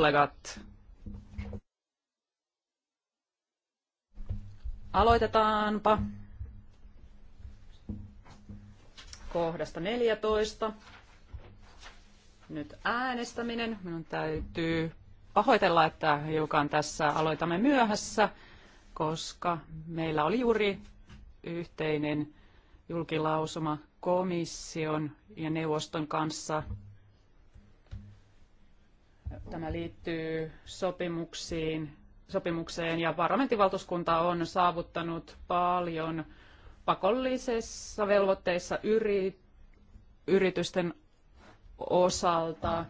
kollegat. Aloitetaanpa kohdasta 14. Nyt äänestäminen. Minun täytyy pahoitella, että hiukan tässä aloitamme myöhässä, koska meillä oli juuri yhteinen julkilausuma komission ja neuvoston kanssa Tämä liittyy sopimuksiin, sopimukseen ja parlamenttivaltuuskunta on saavuttanut paljon pakollisessa velvoitteissa yri, yritysten osalta.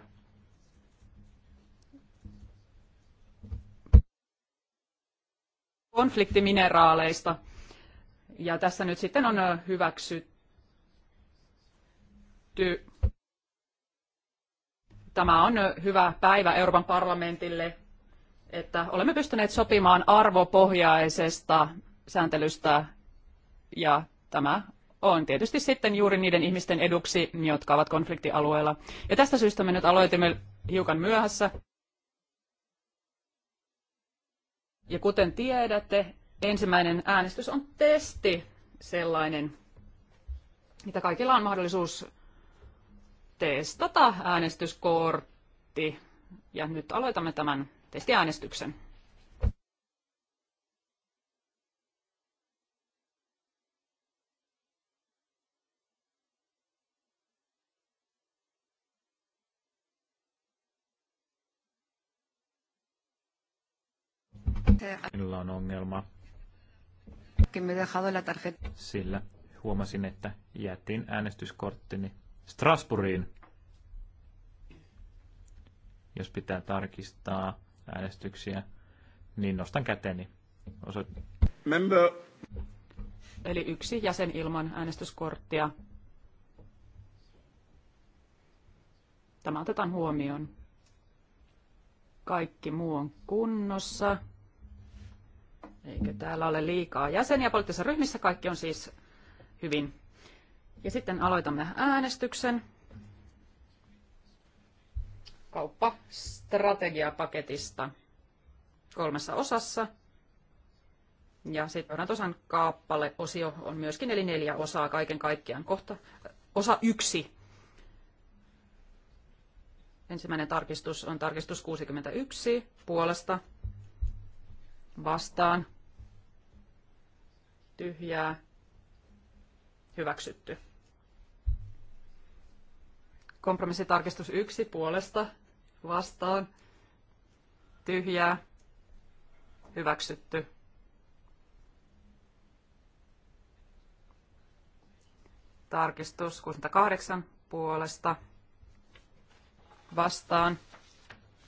konfliktimineraaleista. Ja tässä nyt sitten on hyväksytty Tämä on hyvä päivä Euroopan parlamentille, että olemme pystyneet sopimaan arvopohjaisesta sääntelystä ja tämä on tietysti sitten juuri niiden ihmisten eduksi, jotka ovat konfliktialueella. Ja tästä syystä me nyt aloitimme hiukan myöhässä. Ja kuten tiedätte, ensimmäinen äänestys on testi sellainen, mitä kaikilla on mahdollisuus testata tota äänestyskortti. Ja nyt aloitamme tämän testiäänestyksen. Minulla on ongelma. Sillä huomasin, että jätin äänestyskorttini Strasbourgiin, jos pitää tarkistaa äänestyksiä, niin nostan käteni. Osa... Member. Eli yksi jäsen ilman äänestyskorttia. Tämä otetaan huomioon. Kaikki muu on kunnossa. Eikä täällä ole liikaa jäseniä poliittisissa ryhmissä. Kaikki on siis hyvin. Ja sitten aloitamme äänestyksen kauppastrategiapaketista kolmessa osassa. Ja sitten johdantosan kaappale osio on myöskin, eli neljä osaa kaiken kaikkiaan. Kohta osa yksi. Ensimmäinen tarkistus on tarkistus 61 puolesta vastaan tyhjää hyväksytty. Kompromissitarkistus yksi puolesta vastaan tyhjää hyväksytty. Tarkistus 68 puolesta vastaan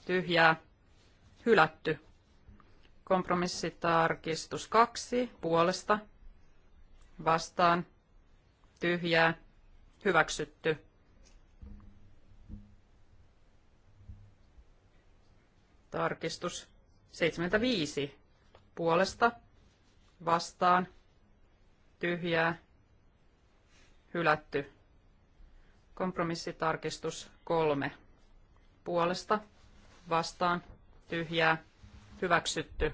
tyhjää hylätty. Kompromissitarkistus 2 puolesta vastaan tyhjää hyväksytty. Tarkistus 75 puolesta vastaan tyhjää hylätty. Kompromissitarkistus 3 puolesta vastaan tyhjää hyväksytty.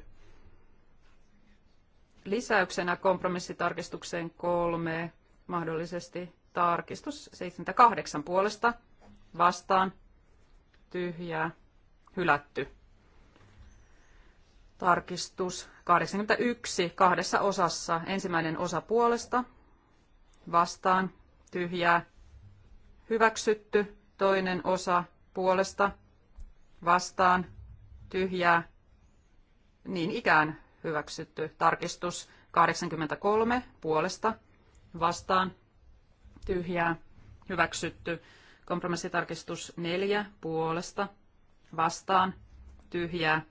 Lisäyksenä kompromissitarkistukseen 3 mahdollisesti tarkistus 78 puolesta vastaan tyhjää hylätty. Tarkistus 81 kahdessa osassa. Ensimmäinen osa puolesta, vastaan, tyhjää, hyväksytty. Toinen osa puolesta, vastaan, tyhjää, niin ikään hyväksytty. Tarkistus 83 puolesta, vastaan, tyhjää, hyväksytty. Kompromissitarkistus 4 puolesta, vastaan, tyhjää,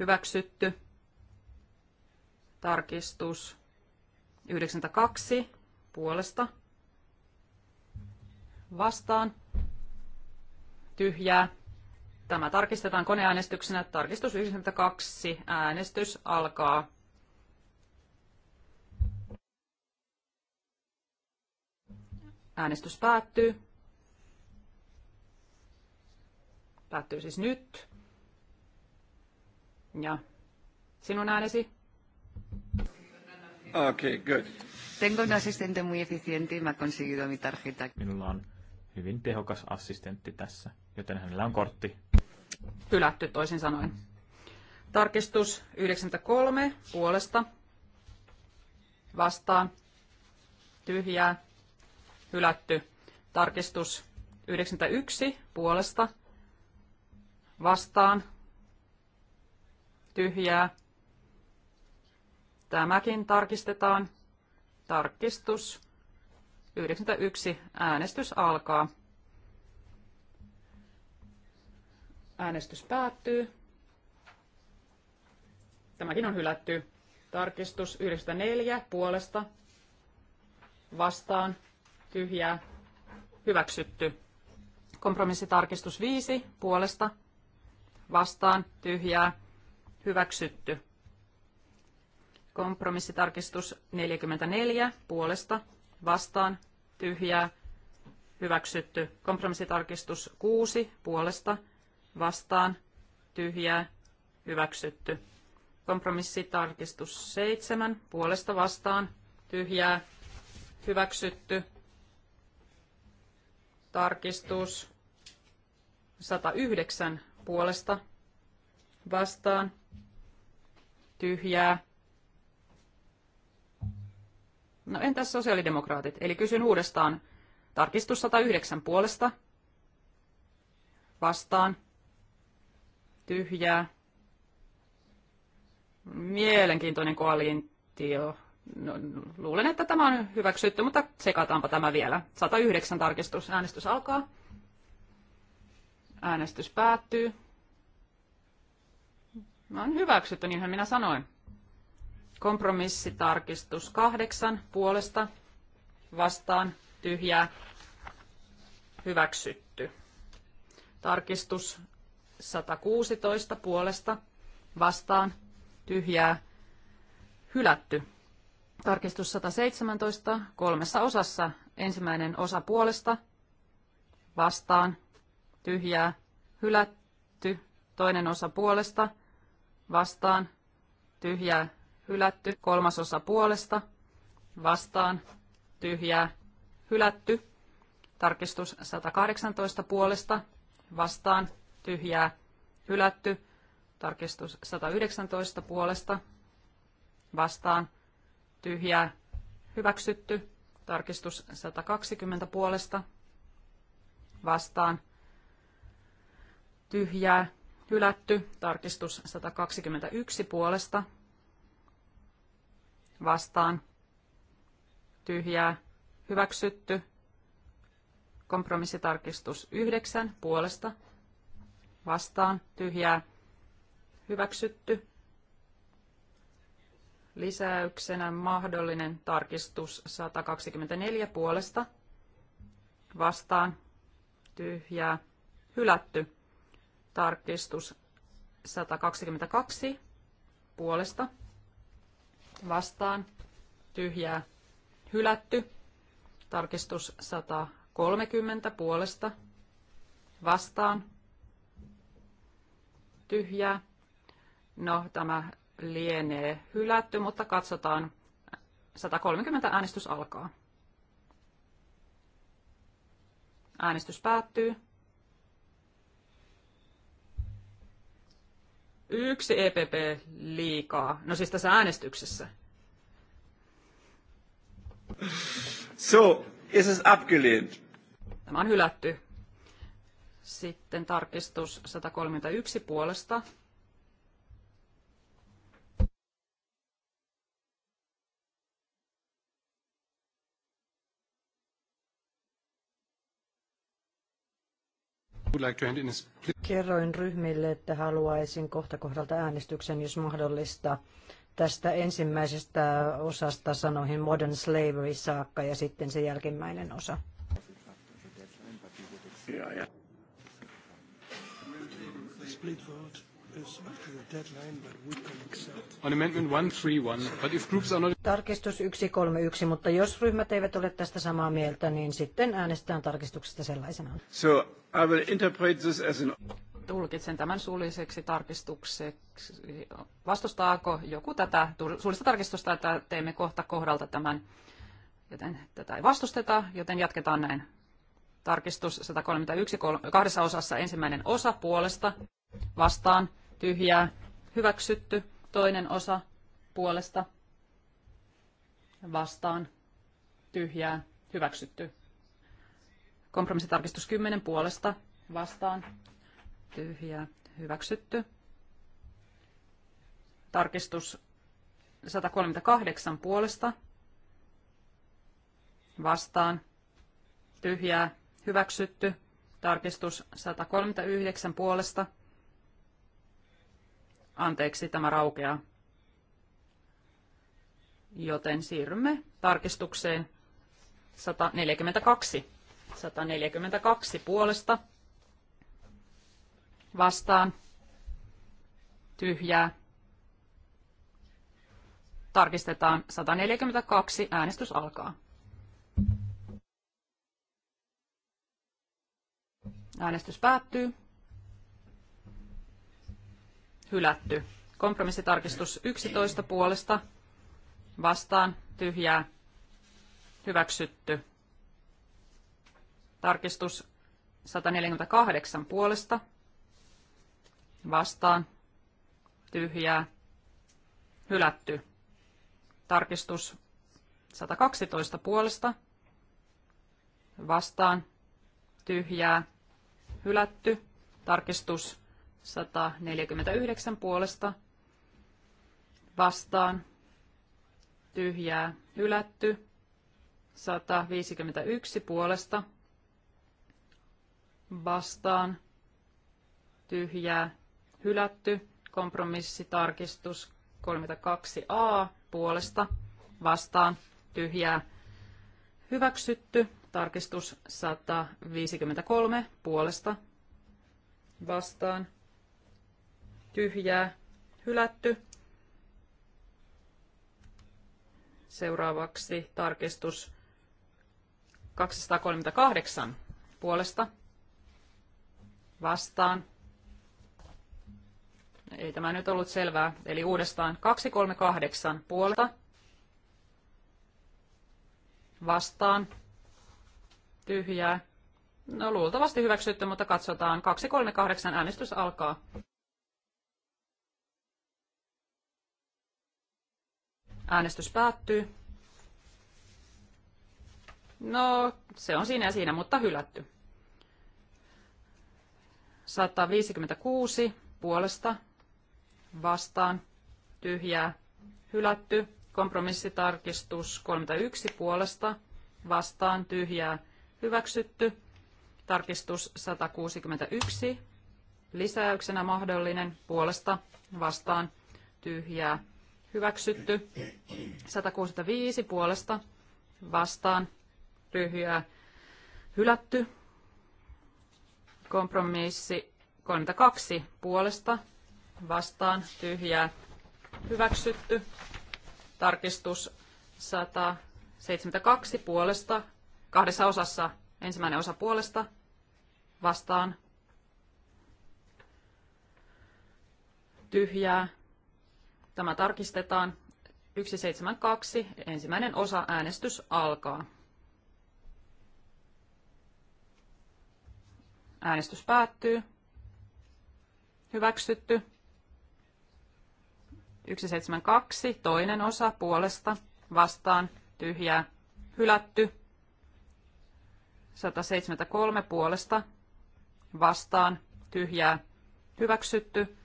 Hyväksytty. Tarkistus 92 puolesta. Vastaan. Tyhjää. Tämä tarkistetaan koneäänestyksenä. Tarkistus 92. Äänestys alkaa. Äänestys päättyy. Päättyy siis nyt. Ja sinun äänesi? Okay, good. Tengo un asistente muy eficiente y me ha conseguido mi tarjeta. Minulla on hyvin tehokas assistentti tässä, joten hänellä on kortti. Hylätty toisin sanoen. Tarkistus 93 puolesta. Vastaan. Tyhjää. Hylätty. Tarkistus 91 puolesta. Vastaan tyhjää. Tämäkin tarkistetaan. Tarkistus 91. Äänestys alkaa. Äänestys päättyy. Tämäkin on hylätty. Tarkistus 94 puolesta vastaan tyhjää hyväksytty. Kompromissitarkistus 5 puolesta vastaan tyhjää hyväksytty. Kompromissitarkistus 44 puolesta vastaan tyhjää hyväksytty. Kompromissitarkistus 6 puolesta vastaan tyhjää hyväksytty. Kompromissitarkistus 7 puolesta vastaan tyhjää hyväksytty. Tarkistus 109 puolesta vastaan tyhjää. No entäs sosiaalidemokraatit? Eli kysyn uudestaan. Tarkistus 109 puolesta. Vastaan. Tyhjää. Mielenkiintoinen koalintio. No, luulen, että tämä on hyväksytty, mutta sekataanpa tämä vielä. 109 tarkistus. Äänestys alkaa. Äänestys päättyy on hyväksytty, niinhän minä sanoin. Kompromissitarkistus kahdeksan puolesta vastaan tyhjää hyväksytty. Tarkistus 116 puolesta vastaan tyhjää hylätty. Tarkistus 117 kolmessa osassa ensimmäinen osa puolesta vastaan tyhjää hylätty, toinen osa puolesta vastaan, tyhjää, hylätty. Kolmasosa puolesta, vastaan, tyhjää, hylätty. Tarkistus 118 puolesta, vastaan, tyhjää, hylätty. Tarkistus 119 puolesta, vastaan, tyhjää, hyväksytty. Tarkistus 120 puolesta, vastaan, tyhjää, hylätty, tarkistus 121 puolesta, vastaan, tyhjää, hyväksytty, kompromissitarkistus 9 puolesta, vastaan, tyhjää, hyväksytty, lisäyksenä mahdollinen tarkistus 124 puolesta, vastaan, tyhjää, hylätty. Tarkistus 122 puolesta vastaan tyhjää hylätty. Tarkistus 130 puolesta vastaan tyhjää. No, tämä lienee hylätty, mutta katsotaan. 130 äänestys alkaa. Äänestys päättyy. Yksi EPP liikaa. No siis tässä äänestyksessä. So, is es abgelehnt? Tämä on hylätty. Sitten tarkistus 131 puolesta Kerroin ryhmille, että haluaisin kohta kohdalta äänestyksen, jos mahdollista. Tästä ensimmäisestä osasta sanoihin Modern Slavery saakka ja sitten se jälkimmäinen osa. Split vote. Tarkistus 131, mutta jos ryhmät eivät ole tästä samaa mieltä, niin sitten äänestetään tarkistuksesta sellaisenaan. So I will interpret this as an... Tulkitsen tämän suulliseksi tarkistukseksi. Vastustaako joku tätä suullista tarkistusta, että teemme kohta kohdalta tämän, joten tätä ei vastusteta, joten jatketaan näin. Tarkistus 131 kahdessa osassa ensimmäinen osa puolesta vastaan tyhjää hyväksytty, toinen osa puolesta vastaan tyhjää hyväksytty. Kompromissitarkistus 10 puolesta vastaan tyhjää hyväksytty. Tarkistus 138 puolesta vastaan tyhjää hyväksytty. Tarkistus 139 puolesta Anteeksi, tämä raukeaa. Joten siirrymme tarkistukseen 142. 142 puolesta vastaan tyhjää. Tarkistetaan 142. Äänestys alkaa. Äänestys päättyy hylätty. Kompromissitarkistus 11 puolesta vastaan tyhjää hyväksytty. Tarkistus 148 puolesta vastaan tyhjää hylätty. Tarkistus 112 puolesta vastaan tyhjää hylätty. Tarkistus 149 puolesta vastaan tyhjää hylätty. 151 puolesta vastaan tyhjää hylätty. Kompromissitarkistus 32a puolesta vastaan tyhjää hyväksytty. Tarkistus 153 puolesta vastaan tyhjää, hylätty. Seuraavaksi tarkistus 238 puolesta vastaan. Ei tämä nyt ollut selvää. Eli uudestaan 238 puolta vastaan tyhjää. No luultavasti hyväksytty, mutta katsotaan. 238 äänestys alkaa. Äänestys päättyy. No, se on siinä ja siinä, mutta hylätty. 156 puolesta vastaan tyhjää hylätty. Kompromissitarkistus 31 puolesta vastaan tyhjää hyväksytty. Tarkistus 161 lisäyksenä mahdollinen puolesta vastaan tyhjää hyväksytty. 165 puolesta vastaan tyhjää hylätty. Kompromissi 32 puolesta vastaan tyhjää hyväksytty. Tarkistus 172 puolesta kahdessa osassa ensimmäinen osa puolesta vastaan tyhjää Tämä tarkistetaan. 172. Ensimmäinen osa äänestys alkaa. Äänestys päättyy. Hyväksytty. 172. Toinen osa puolesta vastaan tyhjää. Hylätty. 173 puolesta vastaan tyhjää. Hyväksytty.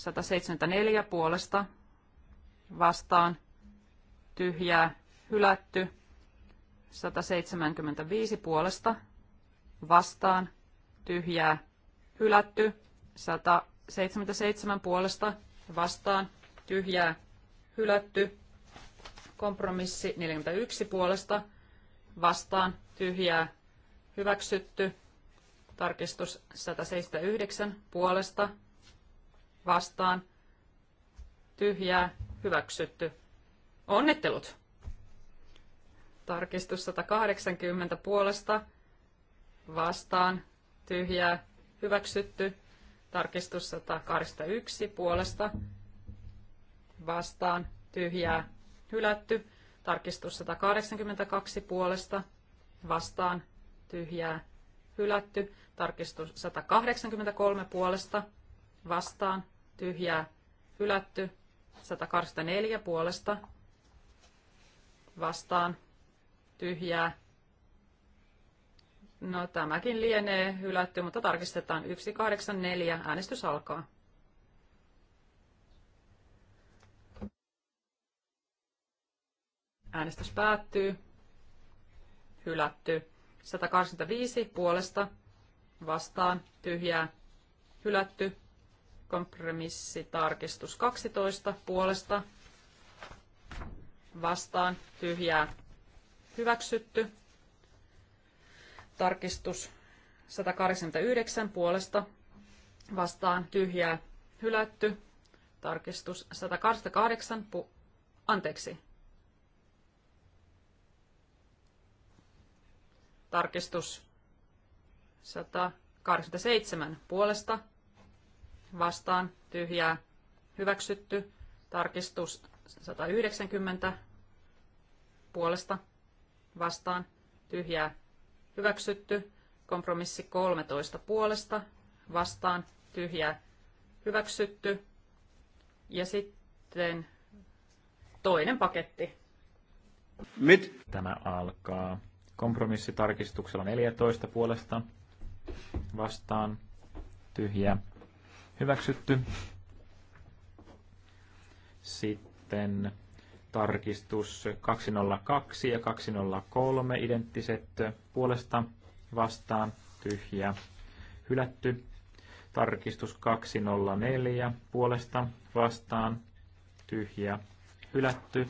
174 puolesta vastaan tyhjää hylätty. 175 puolesta vastaan tyhjää hylätty. 177 puolesta vastaan tyhjää hylätty. Kompromissi 41 puolesta vastaan tyhjää hyväksytty. Tarkistus 179 puolesta vastaan tyhjää hyväksytty. Onnittelut! Tarkistus 180 puolesta vastaan tyhjää hyväksytty. Tarkistus 181 puolesta vastaan tyhjää hylätty. Tarkistus 182 puolesta vastaan tyhjää hylätty. Tarkistus 183 puolesta vastaan, tyhjää, hylätty. 184 puolesta vastaan, tyhjää. No tämäkin lienee hylätty, mutta tarkistetaan 184. Äänestys alkaa. Äänestys päättyy. Hylätty. 185 puolesta vastaan tyhjää. Hylätty. Kompromissitarkistus 12 puolesta vastaan tyhjää hyväksytty. Tarkistus 189 puolesta vastaan tyhjää hylätty. Tarkistus 188, pu- anteeksi. Tarkistus 187 puolesta vastaan tyhjää hyväksytty. Tarkistus 190 puolesta vastaan tyhjää hyväksytty. Kompromissi 13 puolesta vastaan tyhjää hyväksytty. Ja sitten toinen paketti. Mit? Tämä alkaa kompromissitarkistuksella 14 puolesta vastaan tyhjä Hyväksytty. Sitten tarkistus 202 ja 203 identtiset puolesta vastaan tyhjä hylätty. Tarkistus 204 puolesta vastaan tyhjä hylätty.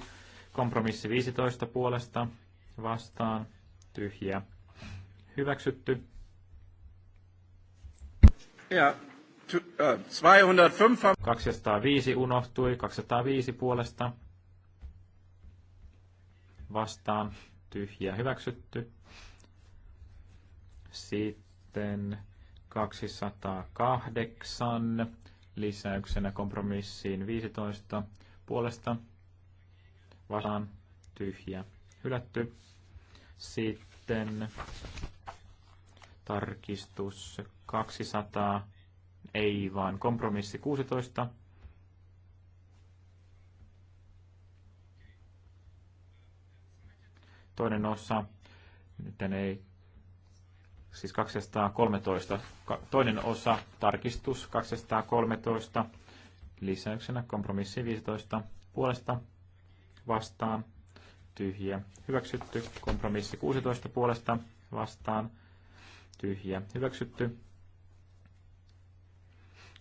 Kompromissi 15 puolesta vastaan tyhjä hyväksytty. Ja 205. 205 äh, unohtui, 205 puolesta. Vastaan tyhjä hyväksytty. Sitten 208 lisäyksenä kompromissiin 15 puolesta vastaan tyhjä hylätty. Sitten tarkistus 200 ei vaan kompromissi 16. Toinen osa, nyt ei, siis 213, toinen osa, tarkistus 213, lisäyksenä kompromissi 15, puolesta vastaan, tyhjä, hyväksytty, kompromissi 16 puolesta vastaan, tyhjä, hyväksytty,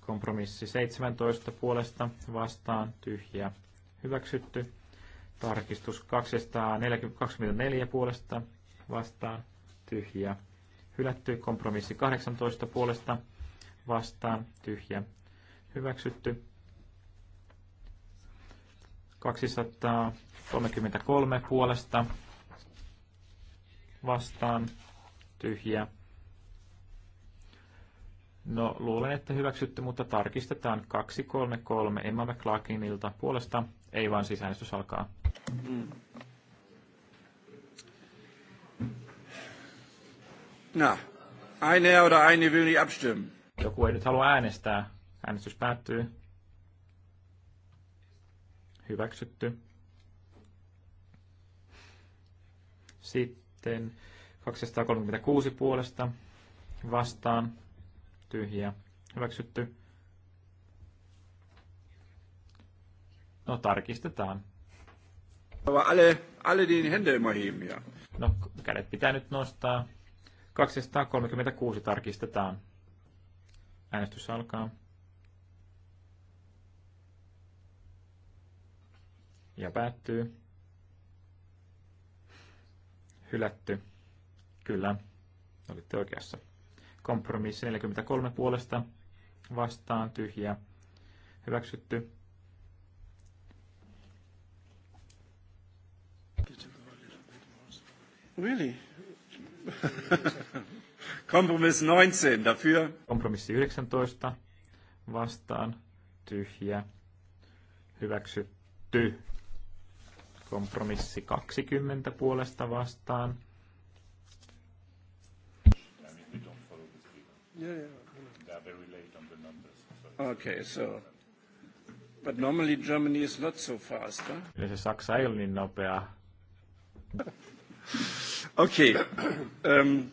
Kompromissi 17 puolesta vastaan tyhjä hyväksytty. Tarkistus 224 puolesta vastaan tyhjä hylätty. Kompromissi 18 puolesta vastaan tyhjä hyväksytty. 233 puolesta vastaan tyhjä No, luulen, että hyväksytty, mutta tarkistetaan 233 Emma McLaughlinilta puolesta. Ei vaan sisäänestys alkaa. Mm. No, eine oder eine will nicht abstimmen. Joku ei nyt halua äänestää. Äänestys päättyy. Hyväksytty. Sitten 236 puolesta vastaan tyhjiä, hyväksytty. No tarkistetaan. Alle, alle die niin Hände No kädet pitää nyt nostaa. 236 tarkistetaan. Äänestys alkaa. Ja päättyy. Hylätty. Kyllä, olitte oikeassa. Kompromissi 43 puolesta vastaan tyhjä hyväksytty. Really? Kompromiss 19 dafür. Kompromissi 19 vastaan tyhjä hyväksytty. Kompromissi 20 puolesta vastaan Yeah, yeah. They are very late on the numbers. okay, so. But normally Germany is not so fast, huh? se Saksa ei ole niin nopea. Okei. Okay. Um, ähm,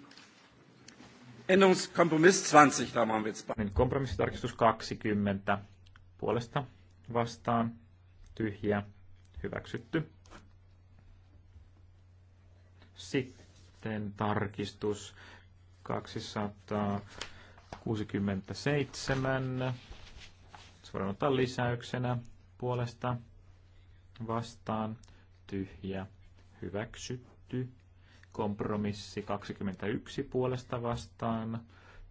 Änderungskompromiss 20, da machen wir jetzt. Niin, kompromissitarkistus 20 puolesta vastaan tyhjä hyväksytty. Sitten tarkistus 200 67. Se voidaan ottaa lisäyksenä puolesta vastaan tyhjä hyväksytty. Kompromissi 21 puolesta vastaan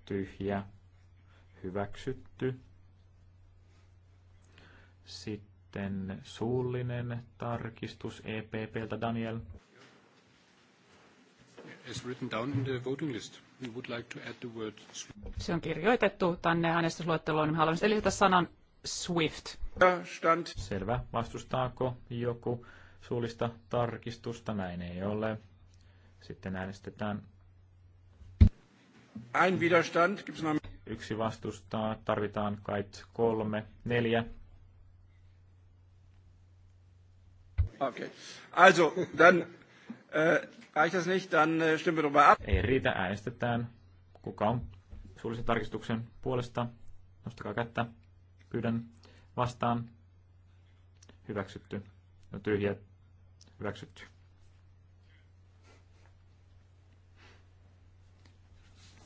tyhjä hyväksytty. Sitten suullinen tarkistus EPPltä Daniel. It's written down in the voting list we would like to add the word Se on kirjoitettu tänne äänestysluetteloon, niin haluamme lisätä sanan SWIFT. Stand. Selvä. Vastustaako joku suullista tarkistusta? Näin ei ole. Sitten äänestetään. Ein Widerstand. Yksi vastustaa. Tarvitaan kai kolme, neljä. Okei. Okay. Also, dann Äh, äh, Ei riitä, äänestetään. Kuka on suullisen tarkistuksen puolesta? Nostakaa kättä. Pyydän vastaan. Hyväksytty. No tyhjä. Hyväksytty.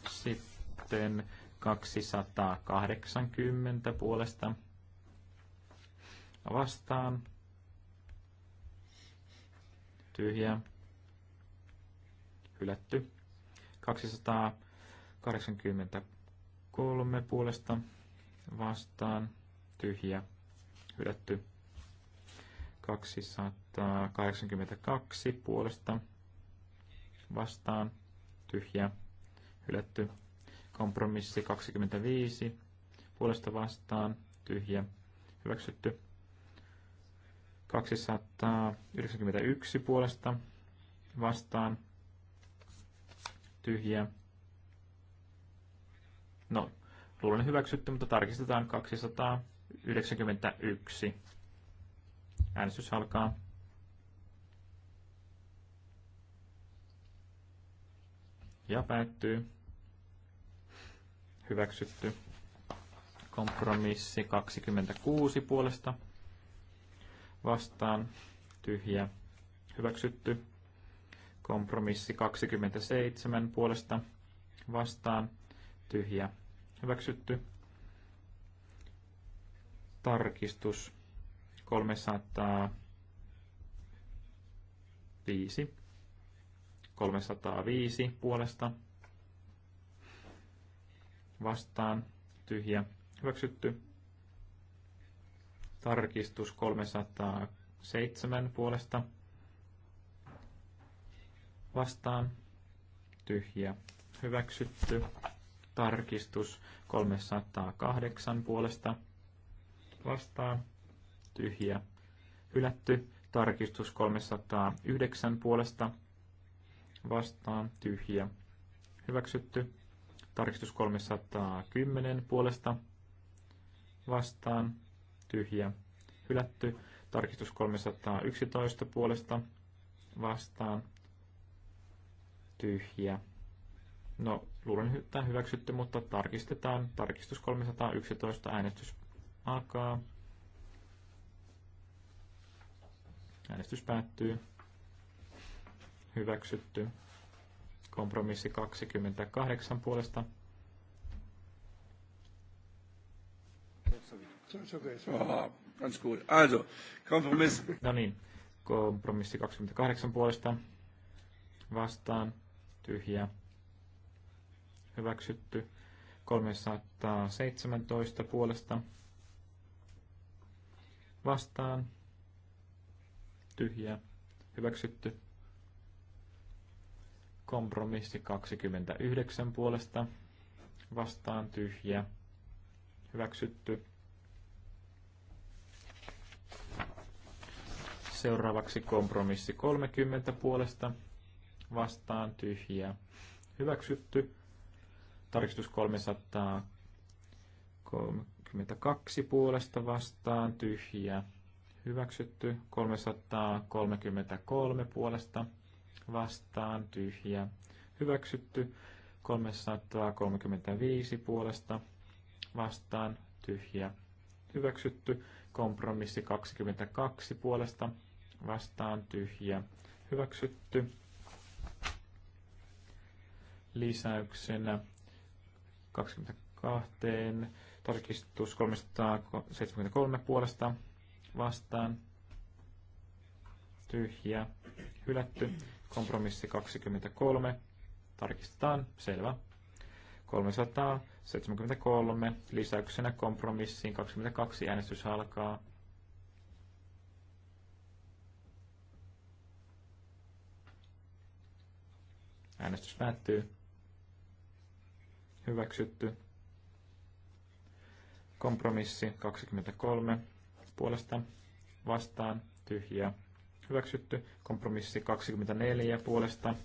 Sitten 280 puolesta vastaan. Tyhjä hylätty. 283 puolesta vastaan tyhjä hylätty. 282 puolesta vastaan tyhjä hylätty. Kompromissi 25 puolesta vastaan tyhjä hyväksytty. 291 puolesta vastaan tyhjiä. No, luulen hyväksytty, mutta tarkistetaan 291. Äänestys alkaa. Ja päättyy. Hyväksytty. Kompromissi 26 puolesta. Vastaan. Tyhjä. Hyväksytty. Kompromissi 27 puolesta vastaan tyhjä hyväksytty. Tarkistus 305. 305 puolesta vastaan tyhjä hyväksytty. Tarkistus 307 puolesta vastaan tyhjä hyväksytty. Tarkistus 308 puolesta vastaan tyhjä hylätty. Tarkistus 309 puolesta vastaan tyhjä hyväksytty. Tarkistus 310 puolesta vastaan tyhjä hylätty. Tarkistus 311 puolesta vastaan tyhjä. No, luulen, että hyväksytty, mutta tarkistetaan. Tarkistus 311, äänestys alkaa. Äänestys päättyy. Hyväksytty. Kompromissi 28 puolesta. Ah, no niin, kompromissi 28 puolesta vastaan tyhjä, hyväksytty. 317 puolesta vastaan, tyhjä hyväksytty. Kompromissi 29 puolesta vastaan, tyhjä hyväksytty. Seuraavaksi kompromissi 30 puolesta vastaan tyhjiä hyväksytty. Tarkistus 332 puolesta vastaan tyhjiä hyväksytty. 333 puolesta vastaan tyhjiä hyväksytty. 335 puolesta vastaan tyhjiä hyväksytty. Kompromissi 22 puolesta vastaan tyhjiä hyväksytty lisäyksenä 22 tarkistus 373 puolesta vastaan tyhjä hylätty kompromissi 23 tarkistetaan selvä 373 lisäyksenä kompromissiin 22 äänestys alkaa Äänestys päättyy hyväksytty. Kompromissi 23 puolesta vastaan tyhjä hyväksytty. Kompromissi 24 puolesta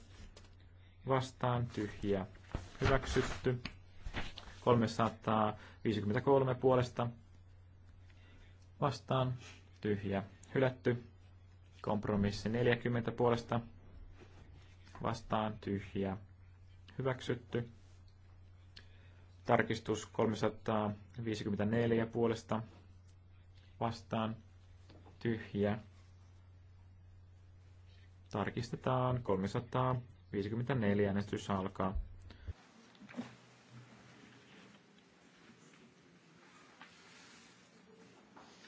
vastaan tyhjä hyväksytty. 353 puolesta vastaan tyhjä hylätty. Kompromissi 40 puolesta vastaan tyhjä hyväksytty. Tarkistus 354 puolesta vastaan tyhjä. Tarkistetaan 354 äänestys alkaa.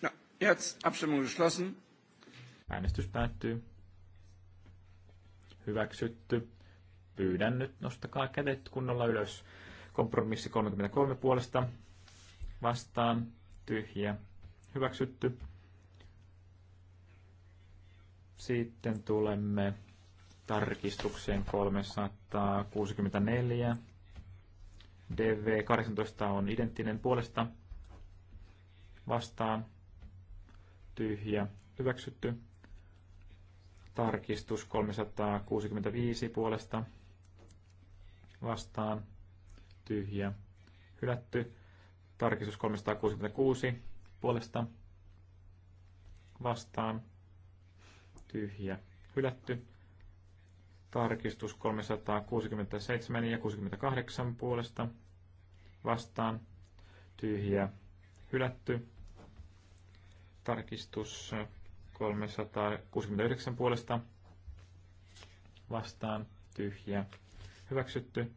No, jetzt Abstimmung geschlossen. Äänestys päättyy. Hyväksytty. Pyydän nyt nostakaa kädet kunnolla ylös. Kompromissi 33 puolesta vastaan tyhjä hyväksytty. Sitten tulemme tarkistukseen 364. DV18 on identtinen puolesta vastaan tyhjä hyväksytty. Tarkistus 365 puolesta vastaan tyhjä, hylätty. Tarkistus 366 puolesta vastaan, tyhjä, hylätty. Tarkistus 367 ja 68 puolesta vastaan, tyhjä, hylätty. Tarkistus 369 puolesta vastaan, tyhjä, hyväksytty.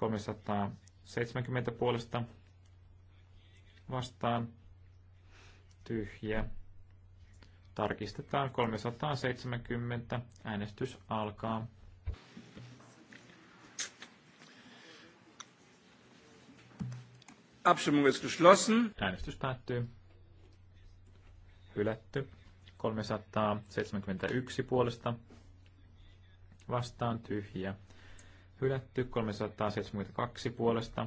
370 puolesta vastaan tyhjä. Tarkistetaan 370. Äänestys alkaa. Abstimmung ist geschlossen. Äänestys päättyy. Hylätty. 371 puolesta. Vastaan tyhjä hylätty, 372 puolesta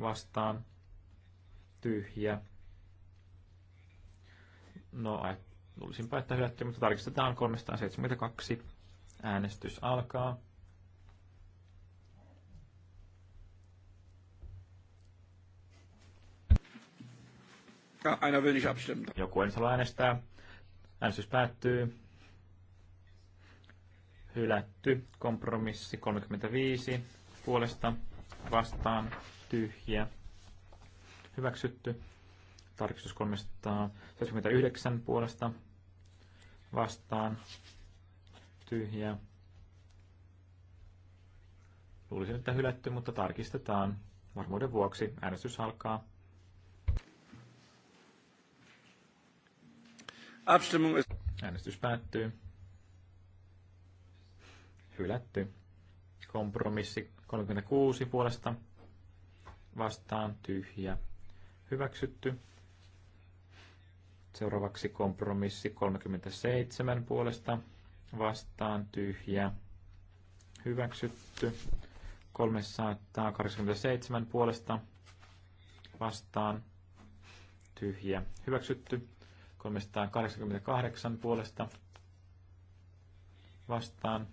vastaan, tyhjä. No, luulisinpa, että hylätty, mutta tarkistetaan 372. Äänestys alkaa. Joku ensi äänestää. Äänestys päättyy hylätty. Kompromissi 35 puolesta vastaan tyhjä hyväksytty. Tarkistus 379 puolesta vastaan tyhjä. Luulisin, että hylätty, mutta tarkistetaan. Varmuuden vuoksi äänestys alkaa. Äänestys päättyy hylätty. Kompromissi 36 puolesta vastaan tyhjä hyväksytty. Seuraavaksi kompromissi 37 puolesta vastaan tyhjä hyväksytty. 387 puolesta vastaan tyhjä hyväksytty. 388 puolesta vastaan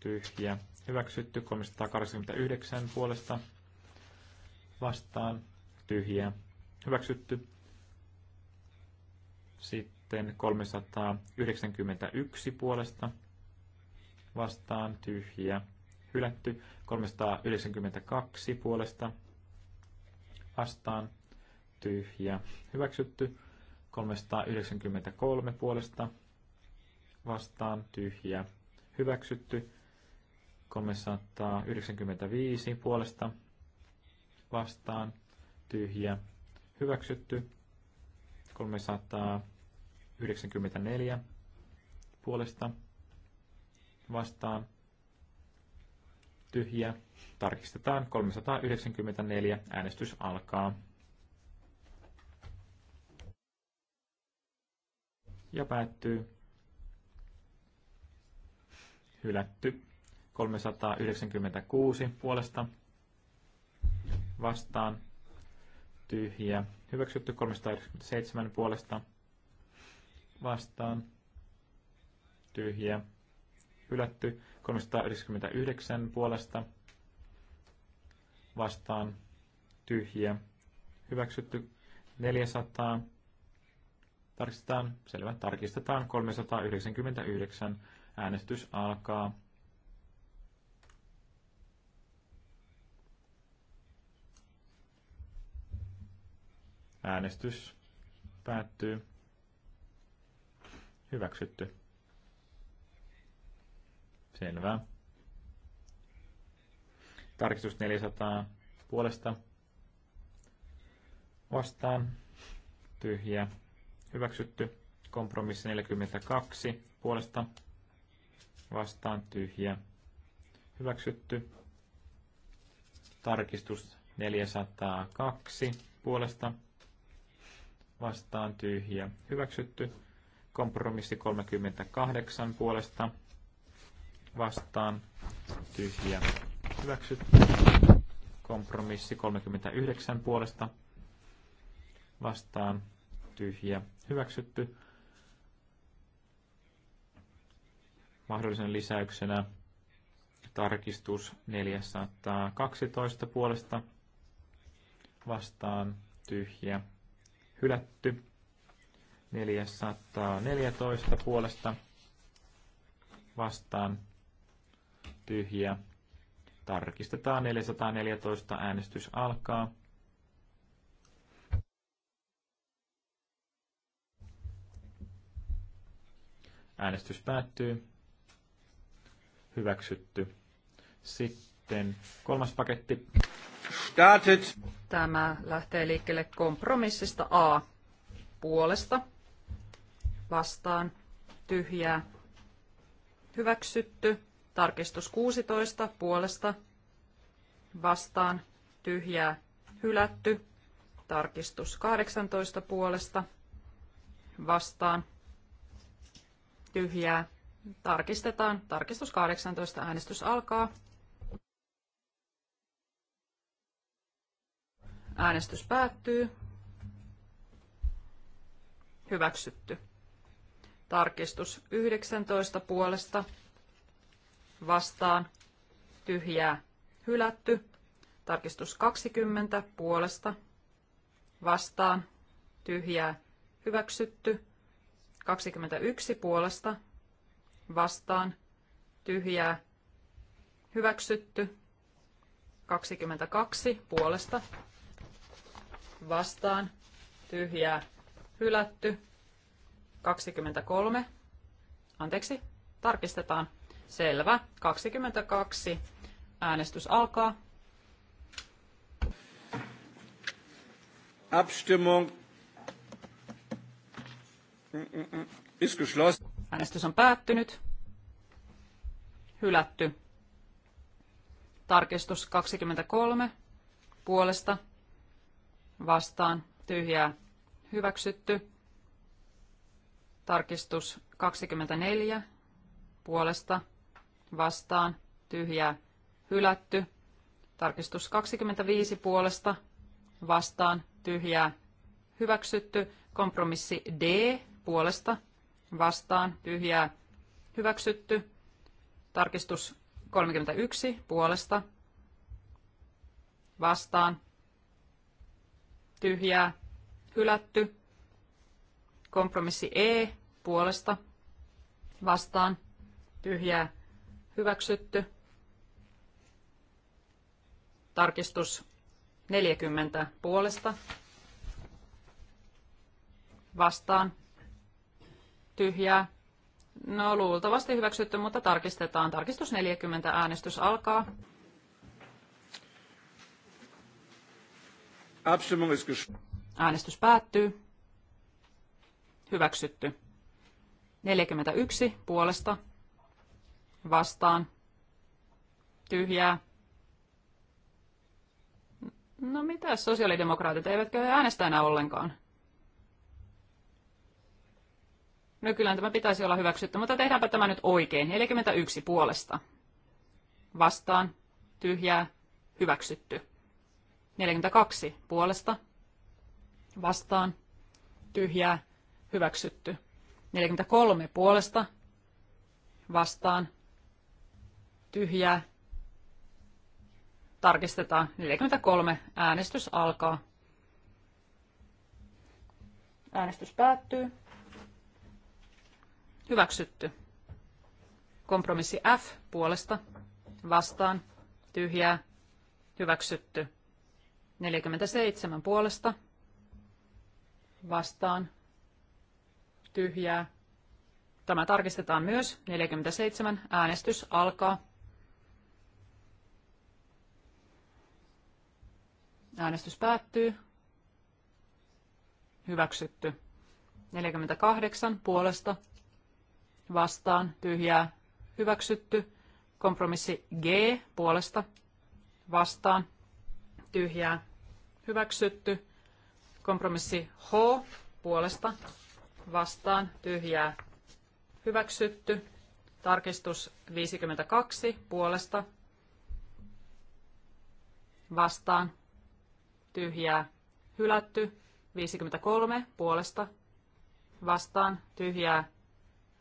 tyhjä. Hyväksytty 389 puolesta vastaan tyhjä. Hyväksytty. Sitten 391 puolesta vastaan tyhjä. Hylätty 392 puolesta vastaan tyhjä. Hyväksytty 393 puolesta vastaan tyhjä. Hyväksytty 395 puolesta vastaan tyhjä hyväksytty. 394 puolesta vastaan tyhjä. Tarkistetaan 394. Äänestys alkaa. Ja päättyy. Hylätty. 396 puolesta vastaan tyhjä. Hyväksytty 397 puolesta vastaan tyhjä. Hylätty 399 puolesta vastaan tyhjä. Hyväksytty 400. Tarkistetaan, selvä, tarkistetaan 399. Äänestys alkaa. Äänestys päättyy. Hyväksytty. Selvä. Tarkistus 400 puolesta. Vastaan. Tyhjä. Hyväksytty. Kompromissi 42 puolesta. Vastaan. Tyhjä. Hyväksytty. Tarkistus 402 puolesta vastaan tyhjiä hyväksytty. Kompromissi 38 puolesta vastaan tyhjiä hyväksytty. Kompromissi 39 puolesta vastaan tyhjiä hyväksytty. mahdollisen lisäyksenä tarkistus 412 puolesta vastaan tyhjä hylätty. 414 puolesta vastaan tyhjä. Tarkistetaan 414, äänestys alkaa. Äänestys päättyy. Hyväksytty. Sitten kolmas paketti started. Tämä lähtee liikkeelle kompromissista A puolesta vastaan tyhjää hyväksytty. Tarkistus 16 puolesta vastaan tyhjää hylätty. Tarkistus 18 puolesta vastaan tyhjää tarkistetaan. Tarkistus 18 äänestys alkaa. Äänestys päättyy. Hyväksytty. Tarkistus 19 puolesta vastaan tyhjää hylätty. Tarkistus 20 puolesta vastaan tyhjää hyväksytty. 21 puolesta vastaan tyhjää hyväksytty. 22 puolesta vastaan, tyhjää, hylätty. 23, anteeksi, tarkistetaan. Selvä, 22, äänestys alkaa. Abstimmung ist geschlossen. Äänestys on päättynyt. Hylätty. Tarkistus 23 puolesta vastaan tyhjää hyväksytty. Tarkistus 24 puolesta vastaan tyhjää hylätty. Tarkistus 25 puolesta vastaan tyhjää hyväksytty. Kompromissi D puolesta vastaan tyhjää hyväksytty. Tarkistus 31 puolesta vastaan tyhjää, hylätty. Kompromissi E puolesta vastaan tyhjää, hyväksytty. Tarkistus 40 puolesta vastaan tyhjää. No luultavasti hyväksytty, mutta tarkistetaan. Tarkistus 40 äänestys alkaa. Äänestys päättyy. Hyväksytty. 41 puolesta. Vastaan. Tyhjää. No mitä sosiaalidemokraatit, eivätkö he äänestä enää ollenkaan? No kyllä tämä pitäisi olla hyväksytty, mutta tehdäänpä tämä nyt oikein. 41 puolesta. Vastaan. Tyhjää. Hyväksytty. 42 puolesta vastaan tyhjää hyväksytty. 43 puolesta vastaan tyhjää tarkistetaan. 43 äänestys alkaa. Äänestys päättyy. Hyväksytty. Kompromissi F puolesta vastaan tyhjää hyväksytty. 47 puolesta vastaan tyhjää. Tämä tarkistetaan myös. 47 äänestys alkaa. Äänestys päättyy. Hyväksytty. 48 puolesta vastaan tyhjää hyväksytty. Kompromissi G puolesta vastaan tyhjää hyväksytty. Kompromissi H puolesta vastaan tyhjää hyväksytty. Tarkistus 52 puolesta vastaan tyhjää hylätty. 53 puolesta vastaan tyhjää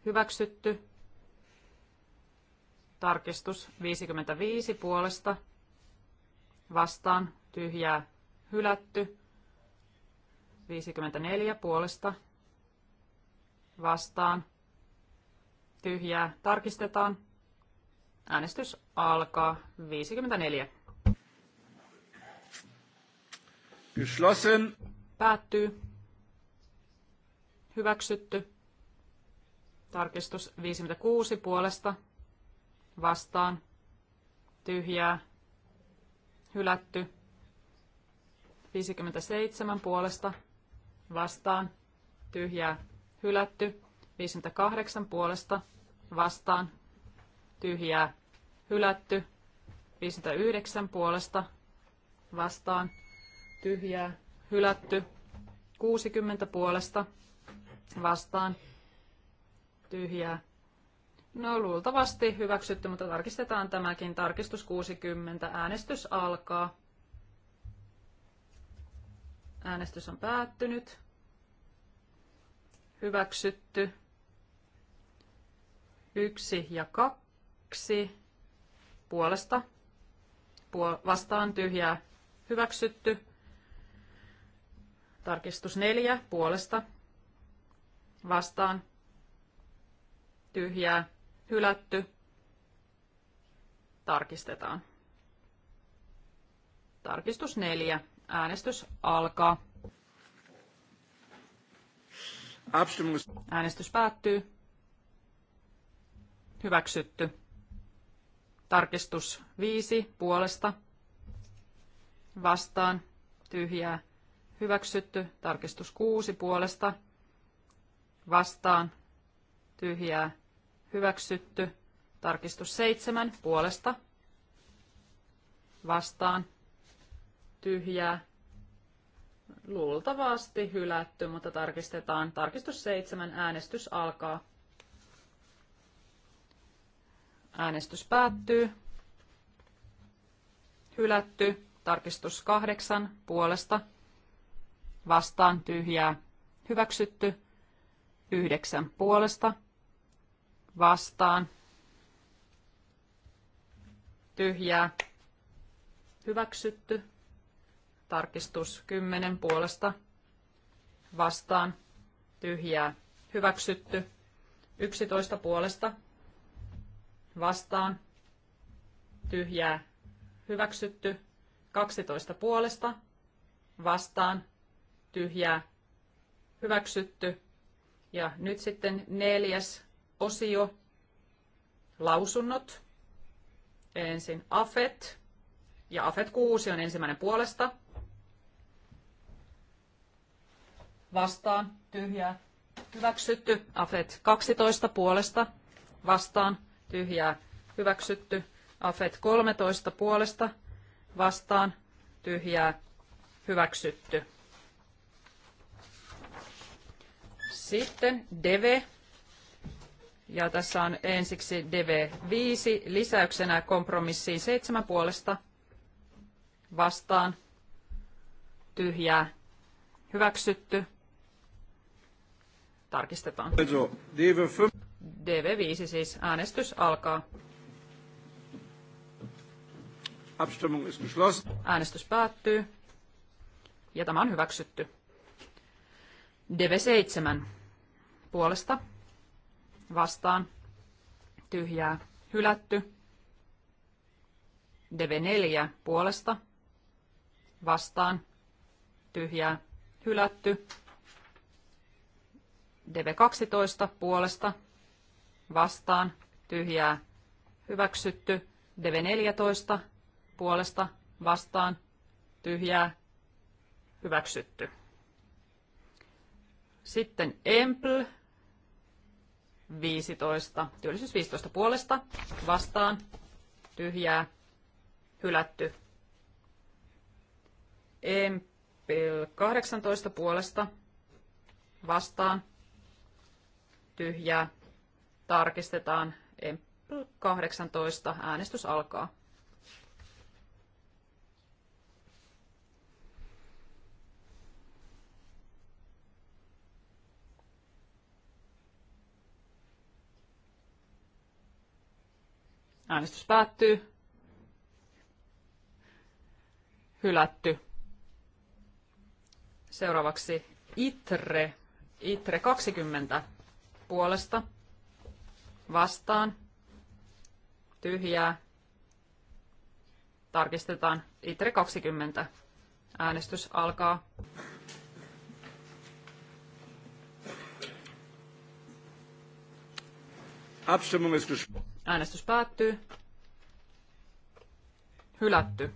hyväksytty. Tarkistus 55 puolesta vastaan tyhjää hylätty. 54 puolesta vastaan tyhjää tarkistetaan. Äänestys alkaa 54. Geschlossen. Päättyy. Hyväksytty. Tarkistus 56 puolesta. Vastaan. Tyhjää. Hylätty. 57 puolesta vastaan tyhjää hylätty. 58 puolesta vastaan tyhjää hylätty. 59 puolesta vastaan tyhjää hylätty. 60 puolesta vastaan tyhjää No luultavasti hyväksytty, mutta tarkistetaan tämäkin. Tarkistus 60. Äänestys alkaa. Äänestys on päättynyt. Hyväksytty. Yksi ja kaksi puolesta. Puol- vastaan tyhjää hyväksytty. Tarkistus neljä puolesta. Vastaan tyhjää hylätty. Tarkistetaan. Tarkistus neljä. Äänestys alkaa. Äänestys päättyy. Hyväksytty. Tarkistus 5 puolesta. Vastaan. Tyhjää. Hyväksytty. Tarkistus 6 puolesta. Vastaan. Tyhjää. Hyväksytty. Tarkistus 7 puolesta. Vastaan tyhjä, luultavasti hylätty, mutta tarkistetaan. Tarkistus 7, äänestys alkaa. Äänestys päättyy. Hylätty. Tarkistus 8, puolesta. Vastaan tyhjää. Hyväksytty. 9, puolesta. Vastaan. Tyhjää. Hyväksytty. Tarkistus 10 puolesta vastaan tyhjää hyväksytty. 11 puolesta vastaan tyhjää hyväksytty. 12 puolesta vastaan tyhjää hyväksytty. Ja nyt sitten neljäs osio, lausunnot. Ensin AFET, ja AFET 6 on ensimmäinen puolesta, vastaan, tyhjää, hyväksytty. Afet 12 puolesta, vastaan, tyhjää, hyväksytty. Afet 13 puolesta, vastaan, tyhjää, hyväksytty. Sitten DV. Ja tässä on ensiksi DV5 lisäyksenä kompromissiin 7 puolesta vastaan tyhjää hyväksytty tarkistetaan. DV5 siis. Äänestys alkaa. Äänestys päättyy. Ja tämä on hyväksytty. DV7 puolesta vastaan tyhjää hylätty. DV4 puolesta vastaan tyhjää hylätty. DV12 puolesta vastaan tyhjää hyväksytty. DV14 puolesta vastaan tyhjää hyväksytty. Sitten Empl 15, työllisyys 15 puolesta vastaan tyhjää hylätty. Empl 18 puolesta vastaan tyhjää. Tarkistetaan. Empl 18. Äänestys alkaa. Äänestys päättyy. Hylätty. Seuraavaksi ITRE. ITRE 20 puolesta vastaan tyhjää tarkistetaan ITRE 20. Äänestys alkaa. Äänestys päättyy. Hylätty.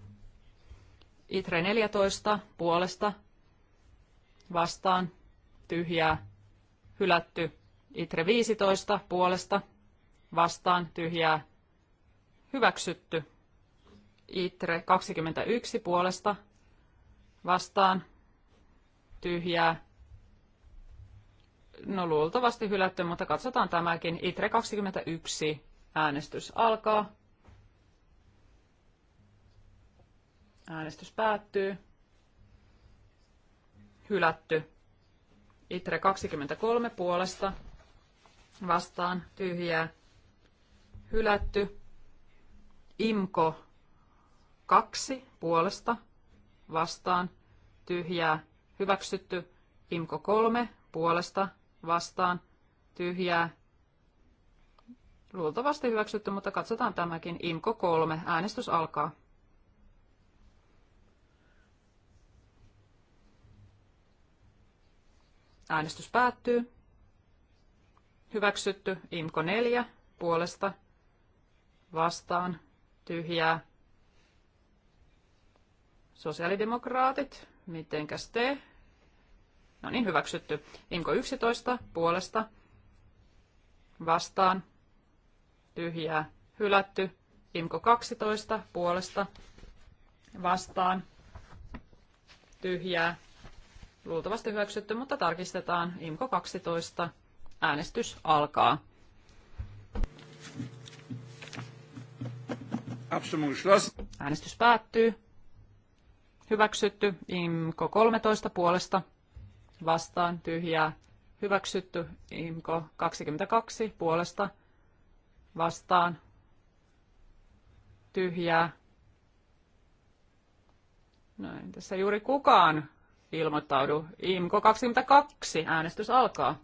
ITRE 14 puolesta vastaan tyhjää hylätty Itre 15 puolesta vastaan tyhjää hyväksytty. Itre 21 puolesta vastaan tyhjää. No luultavasti hylätty, mutta katsotaan tämäkin. Itre 21 äänestys alkaa. Äänestys päättyy. Hylätty. Itre 23 puolesta vastaan tyhjää hylätty. Imko kaksi puolesta vastaan tyhjää hyväksytty. Imko kolme puolesta vastaan tyhjää luultavasti hyväksytty, mutta katsotaan tämäkin. Imko kolme äänestys alkaa. Äänestys päättyy hyväksytty. Imko 4 puolesta vastaan tyhjää. Sosiaalidemokraatit, mitenkäs te? No niin, hyväksytty. Imko 11 puolesta vastaan tyhjää hylätty. Imko 12 puolesta vastaan tyhjää luultavasti hyväksytty, mutta tarkistetaan. Imko 12 Äänestys alkaa. Äänestys päättyy. Hyväksytty. IMKO 13 puolesta. Vastaan tyhjää. Hyväksytty. IMKO 22 puolesta. Vastaan tyhjää. No tässä juuri kukaan ilmoittaudu. IMKO 22. Äänestys alkaa.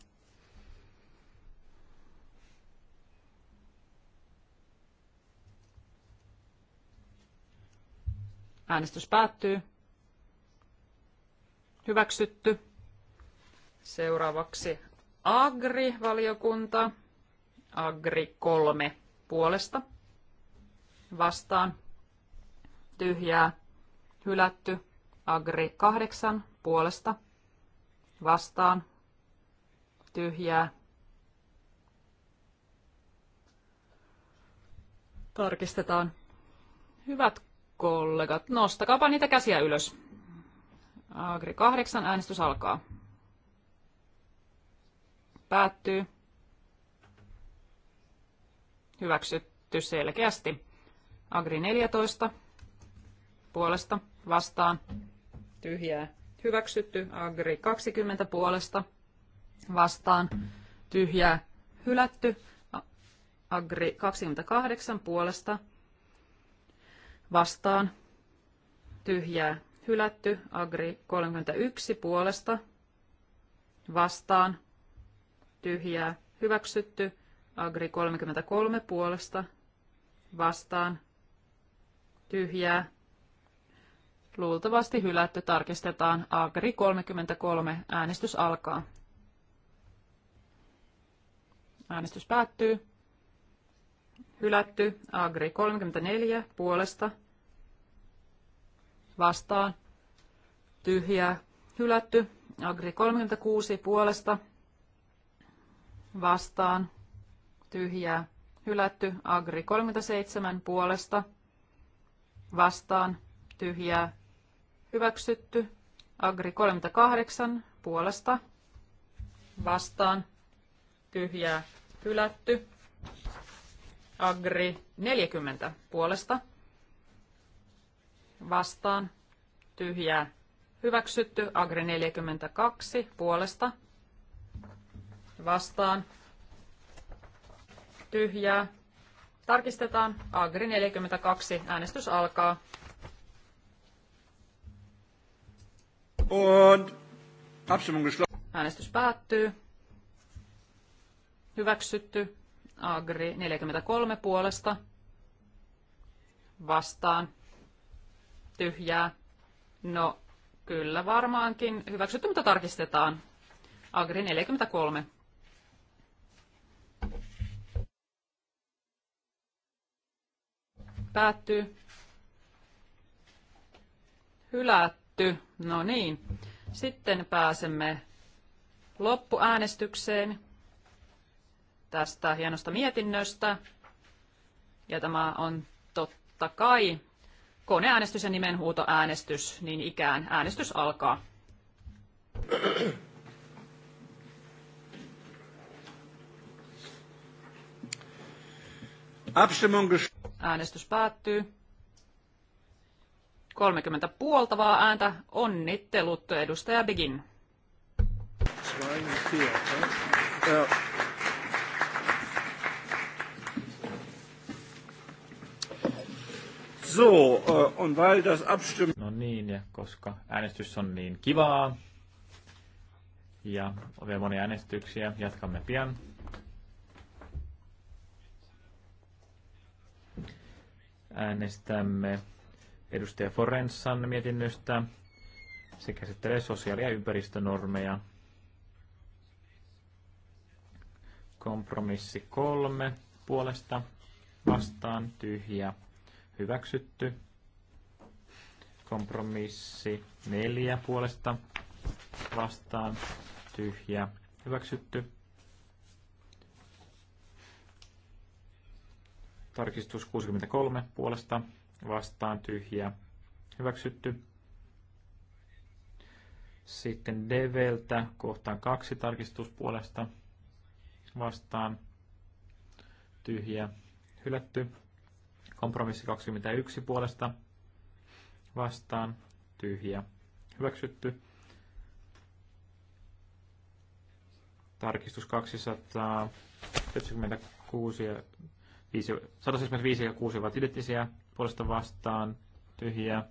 Äänestys päättyy. Hyväksytty. Seuraavaksi Agri-valiokunta. Agri 3 puolesta. Vastaan. Tyhjää. Hylätty. Agri 8 puolesta. Vastaan. Tyhjää. Tarkistetaan. Hyvät kollegat, nostakaapa niitä käsiä ylös. Agri 8, äänestys alkaa. Päättyy. Hyväksytty selkeästi. Agri 14, puolesta, vastaan, tyhjää. Hyväksytty. Agri 20, puolesta, vastaan, tyhjää. Hylätty. Agri 28, puolesta, vastaan, tyhjää, hylätty, agri 31 puolesta, vastaan, tyhjää, hyväksytty, agri 33 puolesta, vastaan, tyhjää, luultavasti hylätty, tarkistetaan, agri 33, äänestys alkaa. Äänestys päättyy hylätty. Agri 34 puolesta vastaan tyhjää hylätty. Agri 36 puolesta vastaan tyhjää hylätty. Agri 37 puolesta vastaan tyhjää hyväksytty. Agri 38 puolesta vastaan tyhjää hylätty. Agri 40 puolesta. Vastaan. Tyhjää. Hyväksytty. Agri 42 puolesta. Vastaan. Tyhjää. Tarkistetaan. Agri 42. Äänestys alkaa. Und Äänestys päättyy. Hyväksytty. Agri 43 puolesta vastaan tyhjää. No kyllä varmaankin hyväksytty, mutta tarkistetaan. Agri 43. Päättyy. Hylätty. No niin. Sitten pääsemme loppuäänestykseen tästä hienosta mietinnöstä. Ja tämä on totta kai koneäänestys ja nimenhuutoäänestys, niin ikään äänestys alkaa. Äänestys päättyy. 30 puoltavaa ääntä. Onnittelut, edustaja Begin. So, on äh, weil das Abstimmen... No niin, ja koska äänestys on niin kivaa ja on vielä monia äänestyksiä, jatkamme pian. Äänestämme edustaja Forensan mietinnöstä. Se käsittelee sosiaali- ja ympäristönormeja. Kompromissi kolme puolesta vastaan tyhjä hyväksytty. Kompromissi neljä puolesta vastaan tyhjä hyväksytty. Tarkistus 63 puolesta vastaan tyhjä hyväksytty. Sitten Develtä kohtaan kaksi tarkistuspuolesta vastaan tyhjä hylätty. Kompromissi 21 puolesta vastaan tyhjä hyväksytty. Tarkistus 276 ja 5, 175 ja 6 ovat identtisiä puolesta vastaan tyhjä.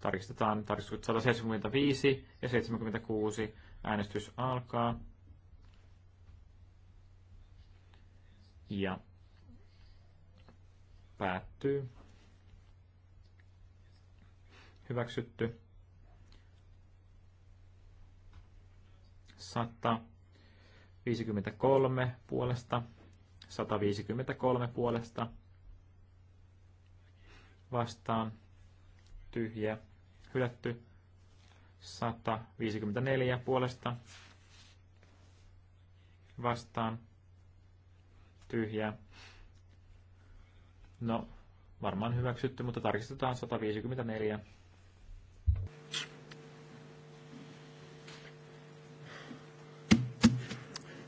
Tarkistetaan Tarkistus 175 ja 76. Äänestys alkaa. Ja päättyy. Hyväksytty. 53 puolesta. 153 puolesta. Vastaan. Tyhjä. Hylätty. 154 puolesta. Vastaan. Tyhjä No, varmaan hyväksytty, mutta tarkistetaan 154.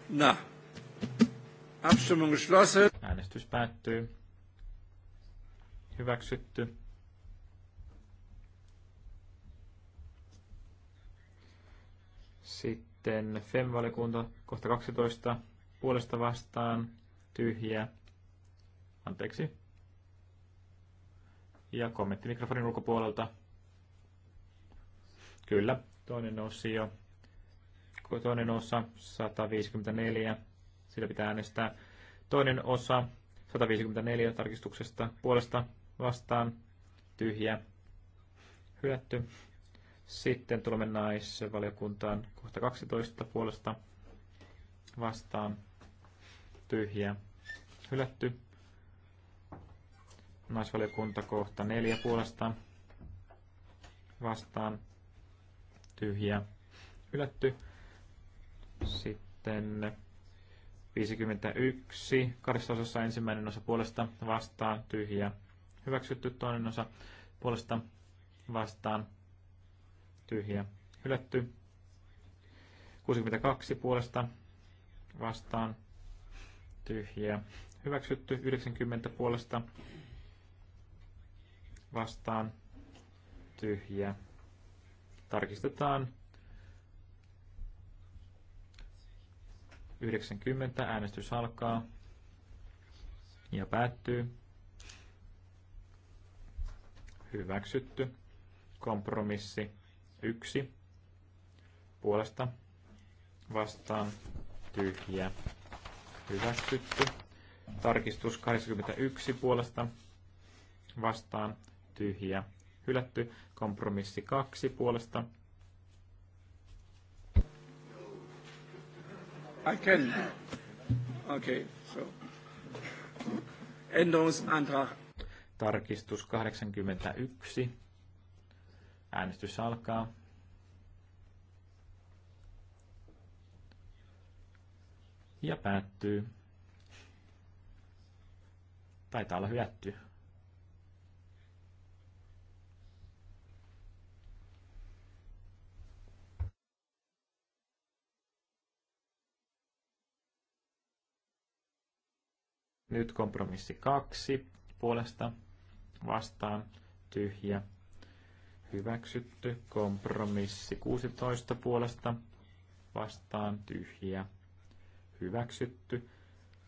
Na. Abstimmung geschlossen. Äänestys päättyy. Hyväksytty. Sitten FEM-valikunta kohta 12 puolesta vastaan tyhjä. Anteeksi, ja kommentti mikrofonin ulkopuolelta. Kyllä, toinen osio. Toinen osa 154. Sillä pitää äänestää. Toinen osa 154 tarkistuksesta puolesta vastaan. Tyhjä. Hylätty. Sitten tulemme naisvaliokuntaan kohta 12 puolesta vastaan. Tyhjä. Hylätty. Naisvaliokunta kohta neljä puolesta vastaan tyhjä ylätty. Sitten 51 kahdessa osassa ensimmäinen osa puolesta vastaan tyhjä hyväksytty, toinen osa puolesta vastaan tyhjä hylätty. 62 puolesta vastaan tyhjä hyväksytty, 90 puolesta vastaan tyhjä. Tarkistetaan 90. Äänestys alkaa ja päättyy. Hyväksytty. Kompromissi 1. Puolesta vastaan tyhjä. Hyväksytty. Tarkistus 81 puolesta vastaan tyhjä hylätty. Kompromissi kaksi puolesta. I can. Okay, so. Änderungsantrag. Tarkistus 81. Äänestys alkaa. Ja päättyy. Taitaa olla hylätty. Nyt kompromissi kaksi puolesta vastaan tyhjä hyväksytty. Kompromissi 16 puolesta vastaan tyhjä hyväksytty.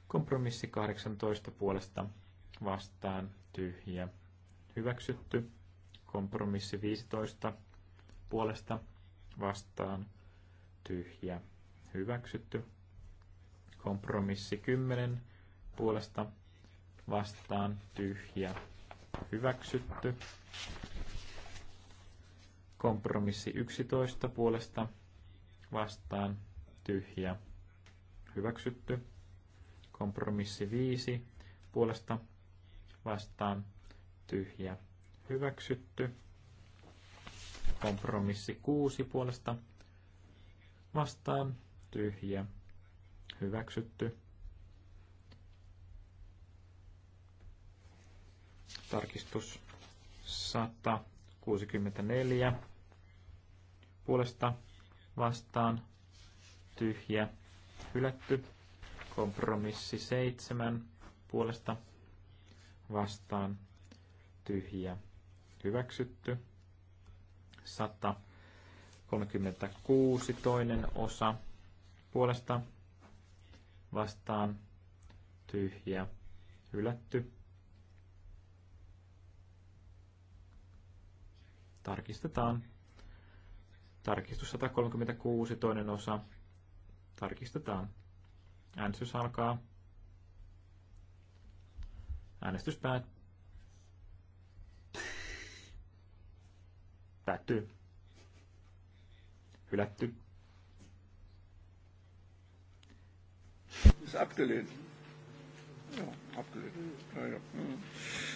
Kompromissi 18 puolesta vastaan tyhjä hyväksytty. Kompromissi 15 puolesta vastaan tyhjä hyväksytty. Kompromissi 10 puolesta vastaan tyhjä hyväksytty. Kompromissi 11 puolesta vastaan tyhjä hyväksytty. Kompromissi 5 puolesta vastaan tyhjä hyväksytty. Kompromissi 6 puolesta vastaan tyhjä hyväksytty Tarkistus 164. Puolesta vastaan tyhjä hylätty. Kompromissi 7. Puolesta vastaan tyhjä hyväksytty. 136 toinen osa puolesta vastaan tyhjä hylätty. Tarkistetaan. Tarkistus 136, toinen osa. Tarkistetaan. Äänestys alkaa. Äänestys päättyy. päättyy. Hylätty. Abgelehnt. Ja, abgelehnt. Ja, ja.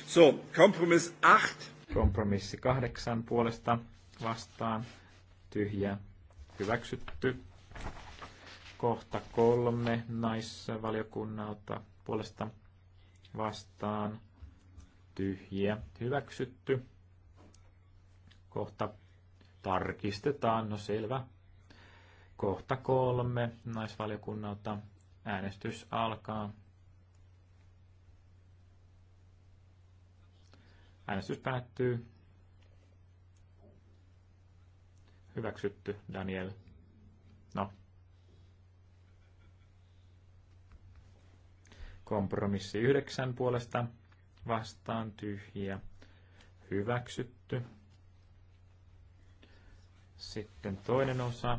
So, Kompromiss 8. Kompromissi kahdeksan puolesta vastaan. Tyhjä. Hyväksytty. Kohta kolme naisvaliokunnalta puolesta vastaan. Tyhjä. Hyväksytty. Kohta tarkistetaan. No selvä. Kohta kolme naisvaliokunnalta. Äänestys alkaa. Äänestys päättyy. Hyväksytty, Daniel. No. Kompromissi yhdeksän puolesta vastaan tyhjiä. Hyväksytty. Sitten toinen osa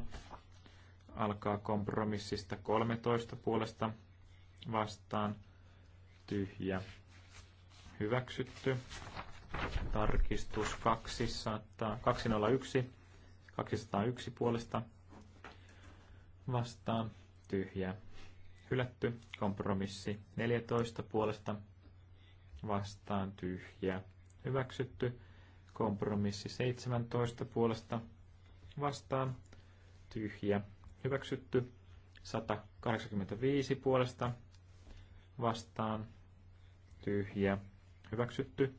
alkaa kompromissista 13 puolesta vastaan tyhjä hyväksytty. Tarkistus 200, 201, 201 puolesta vastaan tyhjä. Hylätty kompromissi 14 puolesta vastaan tyhjä. Hyväksytty kompromissi 17 puolesta vastaan tyhjä. Hyväksytty 185 puolesta vastaan tyhjä. Hyväksytty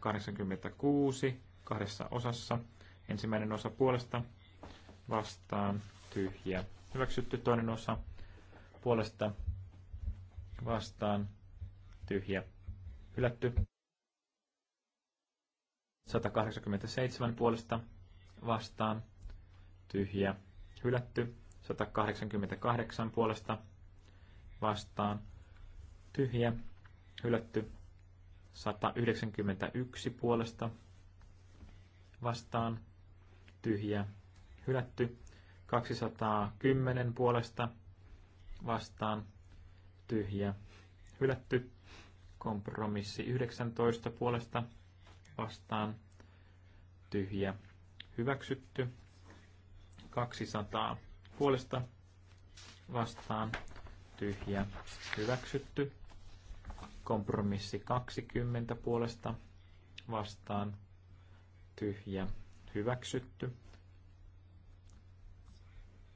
186 kahdessa osassa. Ensimmäinen osa puolesta vastaan tyhjä. Hyväksytty toinen osa puolesta vastaan tyhjä. Hylätty. 187 puolesta vastaan tyhjä. Hylätty. 188 puolesta vastaan tyhjä. Hylätty. 191 puolesta vastaan tyhjä hylätty. 210 puolesta vastaan tyhjä hylätty. Kompromissi 19 puolesta vastaan tyhjä hyväksytty. 200 puolesta vastaan tyhjä hyväksytty. Kompromissi 20 puolesta vastaan tyhjä hyväksytty.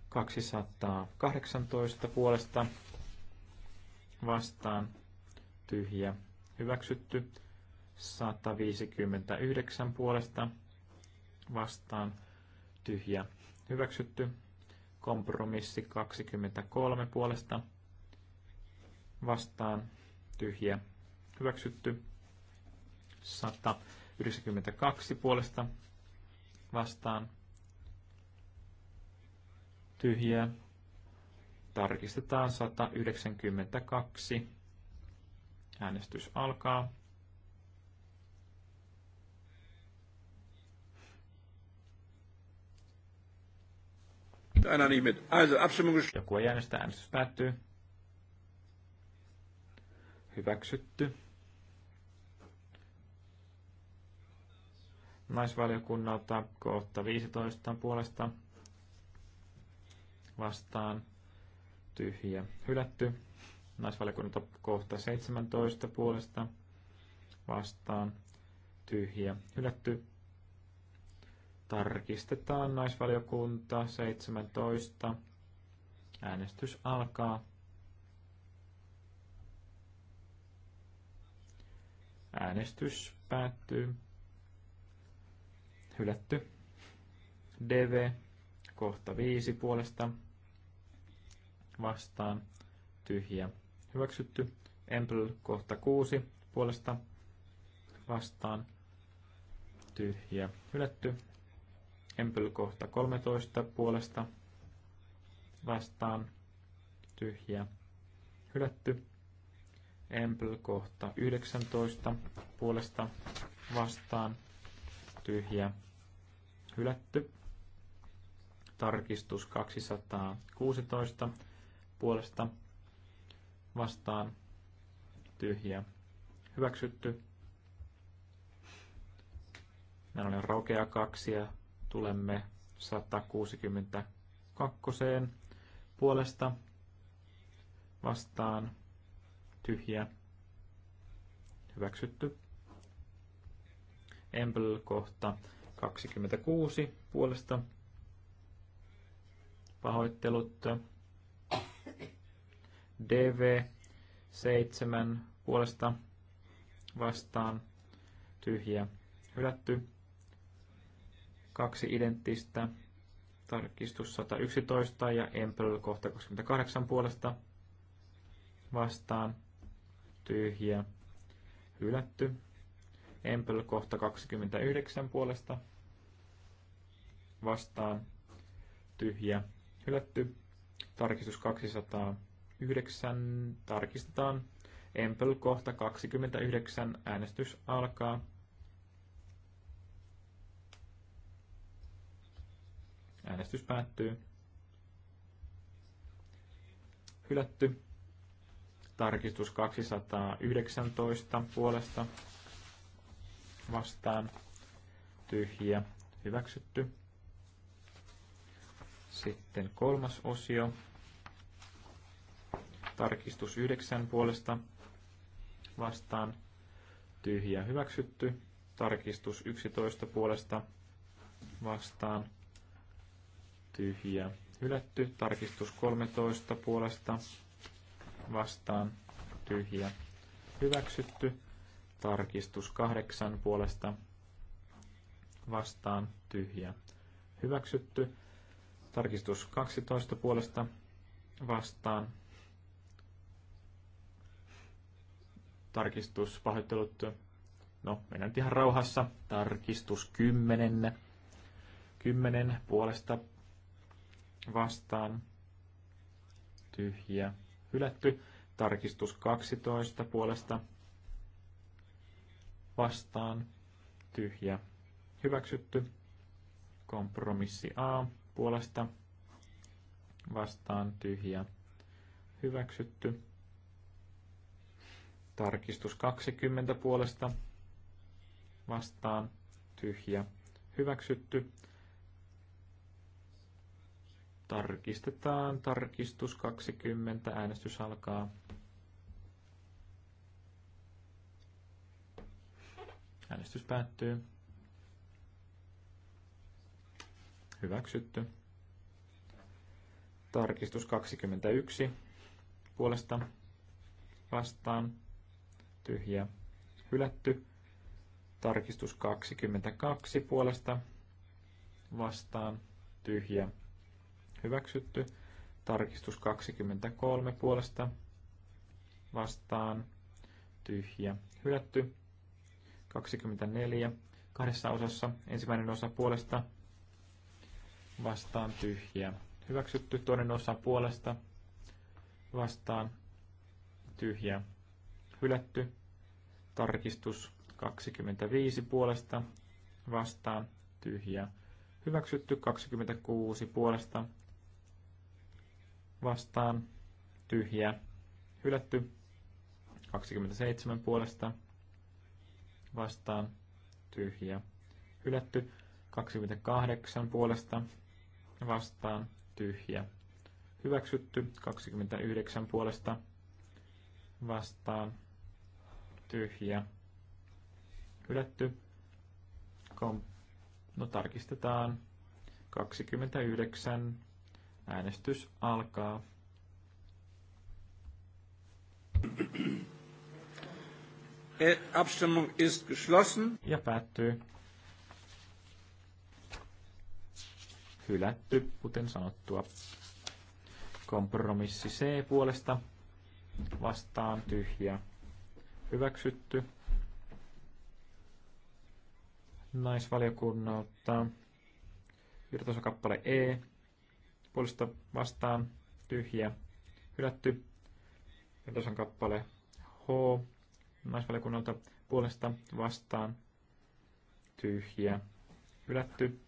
218 puolesta vastaan tyhjä hyväksytty. 159 puolesta vastaan tyhjä hyväksytty. Kompromissi 23 puolesta vastaan tyhjiä hyväksytty. 192 puolesta vastaan tyhjiä. Tarkistetaan 192. Äänestys alkaa. Joku ei äänestä, äänestys päättyy hyväksytty. Naisvaliokunnalta kohta 15 puolesta vastaan tyhjä hylätty. Naisvaliokunnalta kohta 17 puolesta vastaan tyhjä hylätty. Tarkistetaan naisvaliokunta 17. Äänestys alkaa. Äänestys päättyy. Hylätty. DV kohta 5 puolesta vastaan tyhjä. Hyväksytty. Empl kohta 6 puolesta vastaan tyhjä. Hylätty. Empl kohta 13 puolesta vastaan tyhjä. Hylätty. Empl kohta 19 puolesta vastaan tyhjä hylätty. Tarkistus 216 puolesta vastaan tyhjä hyväksytty. Näin oli raukea kaksi ja tulemme 162 puolesta vastaan tyhjä, hyväksytty. Emble-kohta 26 puolesta pahoittelut. DV7 puolesta vastaan tyhjä hylätty. Kaksi identtistä. Tarkistus 111 ja Emple kohta 28 puolesta vastaan tyhjä, hylätty. Empel kohta 29 puolesta vastaan tyhjä, hylätty. Tarkistus 209 tarkistetaan. Empel kohta 29 äänestys alkaa. Äänestys päättyy. Hylätty. Tarkistus 219 puolesta vastaan. Tyhjiä. Hyväksytty. Sitten kolmas osio. Tarkistus 9 puolesta vastaan. Tyhjiä. Hyväksytty. Tarkistus 11 puolesta vastaan. Tyhjiä. Hylätty. Tarkistus 13 puolesta vastaan vastaan tyhjä hyväksytty. Tarkistus kahdeksan puolesta vastaan tyhjä hyväksytty. Tarkistus 12 puolesta vastaan tarkistus, pahoittelut, no mennään ihan rauhassa, tarkistus 10, 10 puolesta vastaan, tyhjä, hylätty. Tarkistus 12 puolesta vastaan tyhjä hyväksytty. Kompromissi A puolesta vastaan tyhjä hyväksytty. Tarkistus 20 puolesta vastaan tyhjä hyväksytty. Tarkistetaan. Tarkistus 20. Äänestys alkaa. Äänestys päättyy. Hyväksytty. Tarkistus 21. Puolesta vastaan. Tyhjä. Hylätty. Tarkistus 22. Puolesta vastaan. Tyhjä hyväksytty. Tarkistus 23 puolesta vastaan tyhjä hylätty. 24 kahdessa osassa ensimmäinen osa puolesta vastaan tyhjä hyväksytty. Toinen osa puolesta vastaan tyhjä hylätty. Tarkistus 25 puolesta vastaan tyhjä hyväksytty. 26 puolesta vastaan, tyhjä, hylätty. 27 puolesta vastaan, tyhjä, hylätty. 28 puolesta vastaan, tyhjä, hyväksytty. 29 puolesta vastaan, tyhjä, hylätty. Kom- no tarkistetaan. 29 Äänestys alkaa. Abstimmung ist geschlossen. Ja päättyy. Hylätty, kuten sanottua. Kompromissi C puolesta vastaan tyhjä. Hyväksytty. Naisvaliokunnalta. Virtausakappale E puolesta vastaan tyhjä hylätty. on kappale H naisvaliokunnalta puolesta vastaan tyhjä hylätty.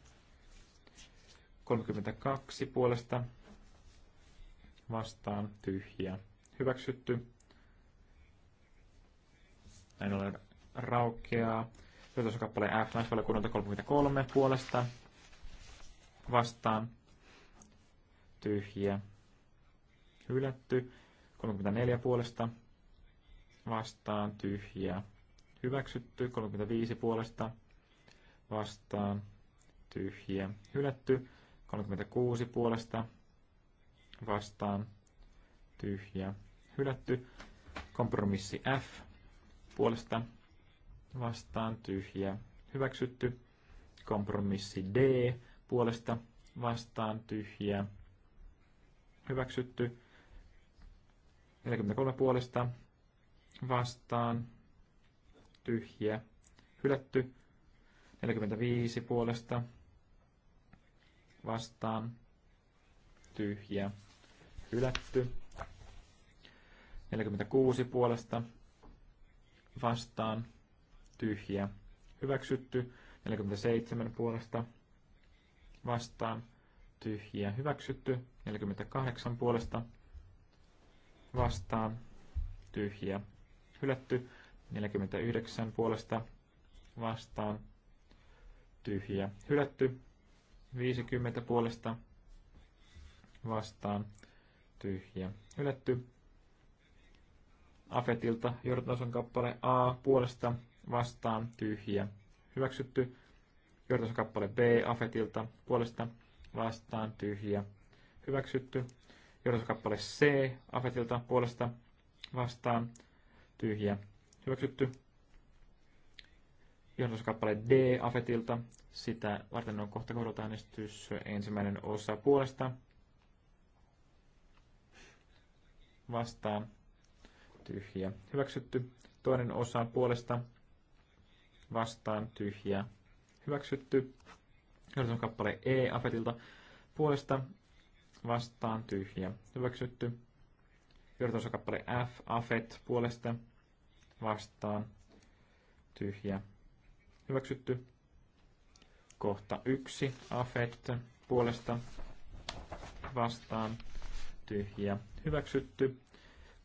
32 puolesta vastaan tyhjä hyväksytty. Näin ollen raukeaa. on kappale F naisvaliokunnalta 33 puolesta vastaan tyhjiä, hylätty. 34 puolesta vastaan tyhjiä, hyväksytty. 35 puolesta vastaan tyhjiä, hylätty. 36 puolesta vastaan tyhjiä, hylätty. Kompromissi F puolesta vastaan tyhjiä, hyväksytty. Kompromissi D puolesta vastaan tyhjiä, hyväksytty. 43 puolesta vastaan tyhjä hylätty. 45 puolesta vastaan tyhjä hylätty. 46 puolesta vastaan tyhjä hyväksytty. 47 puolesta vastaan tyhjiä hyväksytty. 48 puolesta vastaan tyhjiä hylätty. 49 puolesta vastaan tyhjiä hylätty. 50 puolesta vastaan tyhjiä hylätty. Afetilta Jortason kappale A puolesta vastaan tyhjiä hyväksytty. Jortason kappale B Afetilta puolesta vastaan tyhjä hyväksytty. Johdatuskappale C Afetilta puolesta vastaan tyhjä hyväksytty. Johdatuskappale D Afetilta. Sitä varten on kohta kohdalta äänestys ensimmäinen osa puolesta vastaan tyhjä hyväksytty. Toinen osa puolesta vastaan tyhjä hyväksytty. Johdaton kappale E Afetilta puolesta vastaan tyhjä. Hyväksytty. Johdaton kappale F Afet puolesta vastaan tyhjä. Hyväksytty. Kohta 1 Afet puolesta vastaan tyhjä. Hyväksytty.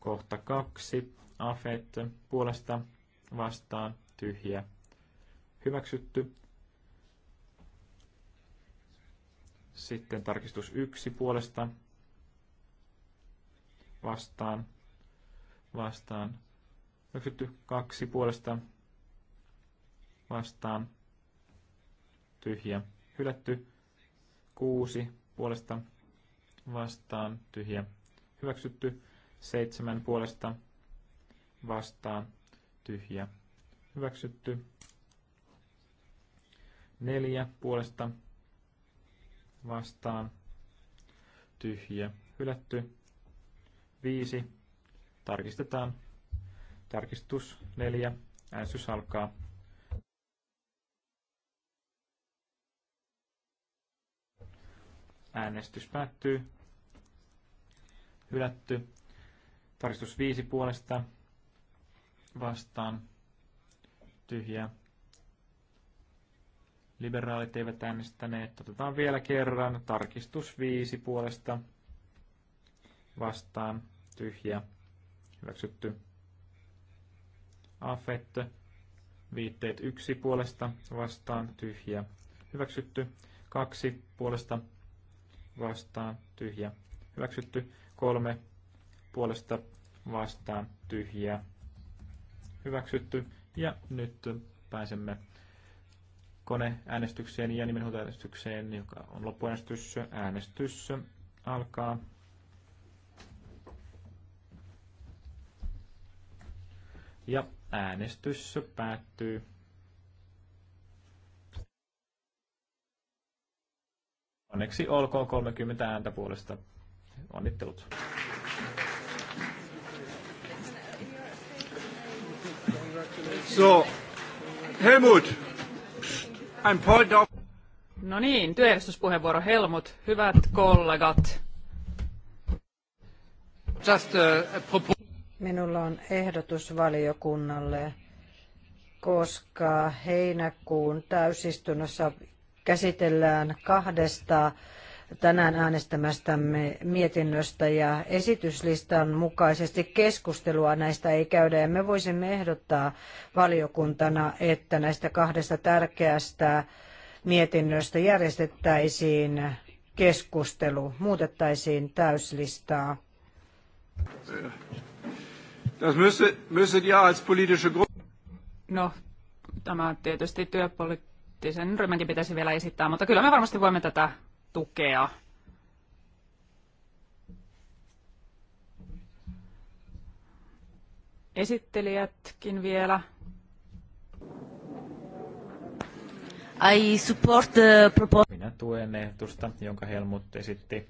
Kohta 2 Afet puolesta vastaan tyhjä. Hyväksytty Sitten tarkistus yksi puolesta vastaan, vastaan. Hyväksytty kaksi puolesta vastaan, tyhjä. Hylätty kuusi puolesta vastaan, tyhjä. Hyväksytty seitsemän puolesta vastaan, tyhjä. Hyväksytty neljä puolesta vastaan vastaan, tyhjä, hylätty. 5. Tarkistetaan. Tarkistus 4. Äänestys alkaa. Äänestys päättyy. Hylätty. Tarkistus 5 puolesta vastaan. Tyhjä. Liberaalit eivät äänestäneet. Otetaan vielä kerran. Tarkistus 5 puolesta. Vastaan. Tyhjä. Hyväksytty. Affette. Viitteet 1 puolesta. Vastaan. Tyhjä. Hyväksytty. 2 puolesta. Vastaan. Tyhjä. Hyväksytty. 3 puolesta. Vastaan. Tyhjä. Hyväksytty. Ja nyt pääsemme koneäänestykseen ja nimenhuutoäänestykseen, joka on loppuäänestys. Äänestys alkaa. Ja äänestys päättyy. Onneksi olkoon 30 ääntä puolesta. Onnittelut. So, Helmut, I'm Paul no niin, työjärjestyspuheenvuoro Helmut. Hyvät kollegat. Just uh, a, a Minulla on ehdotus valiokunnalle, koska heinäkuun täysistunnossa käsitellään kahdesta tänään äänestämästämme mietinnöstä ja esityslistan mukaisesti keskustelua näistä ei käydä ja me voisimme ehdottaa valiokuntana, että näistä kahdesta tärkeästä mietinnöstä järjestettäisiin keskustelu, muutettaisiin täyslistaa. Das müsstet, als politische No, tämä tietysti työpoliittisen ryhmänkin pitäisi vielä esittää, mutta kyllä me varmasti voimme tätä tukea. Esittelijätkin vielä. I support the proposal. Minä tuen ehdotusta, jonka Helmut esitti.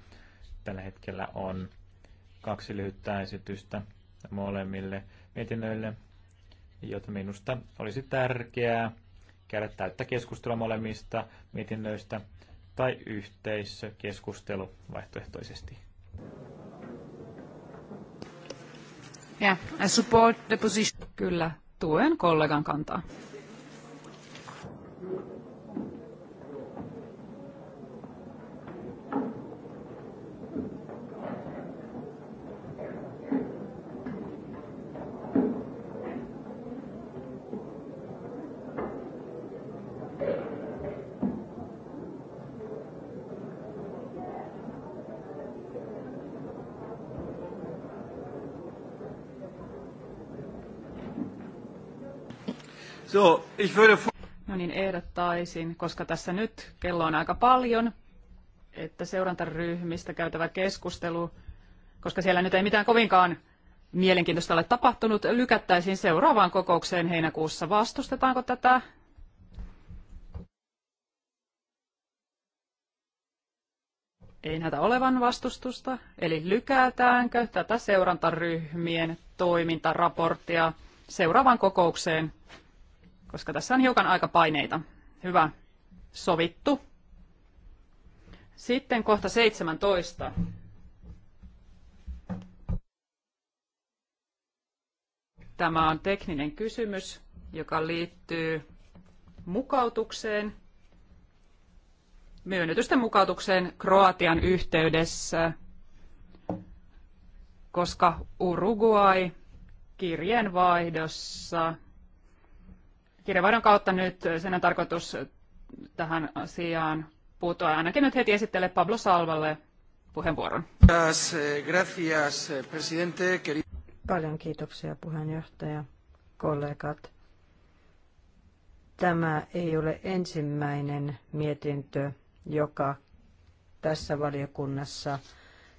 Tällä hetkellä on kaksi lyhyttä esitystä molemmille mietinnöille, joten minusta olisi tärkeää käydä täyttä keskustelua molemmista mietinnöistä tai yhteisökeskustelu vaihtoehtoisesti. Yeah, I support the position. Kyllä, tuen kollegan kantaa. So, ich würde... No niin, ehdottaisin, koska tässä nyt kello on aika paljon, että seurantaryhmistä käytävä keskustelu, koska siellä nyt ei mitään kovinkaan mielenkiintoista ole tapahtunut, lykättäisiin seuraavaan kokoukseen heinäkuussa. Vastustetaanko tätä? Ei näitä olevan vastustusta, eli lykätäänkö tätä seurantaryhmien toimintaraporttia seuraavaan kokoukseen koska tässä on hiukan aika paineita. Hyvä, sovittu. Sitten kohta 17. Tämä on tekninen kysymys, joka liittyy mukautukseen, myönnytysten mukautukseen Kroatian yhteydessä, koska Uruguay kirjeenvaihdossa kirjavaihdon kautta nyt sen on tarkoitus tähän asiaan puuttua. Ainakin nyt heti esittele Pablo Salvalle puheenvuoron. Eh, gracias, eh, presidente. Paljon kiitoksia puheenjohtaja, kollegat. Tämä ei ole ensimmäinen mietintö, joka tässä valiokunnassa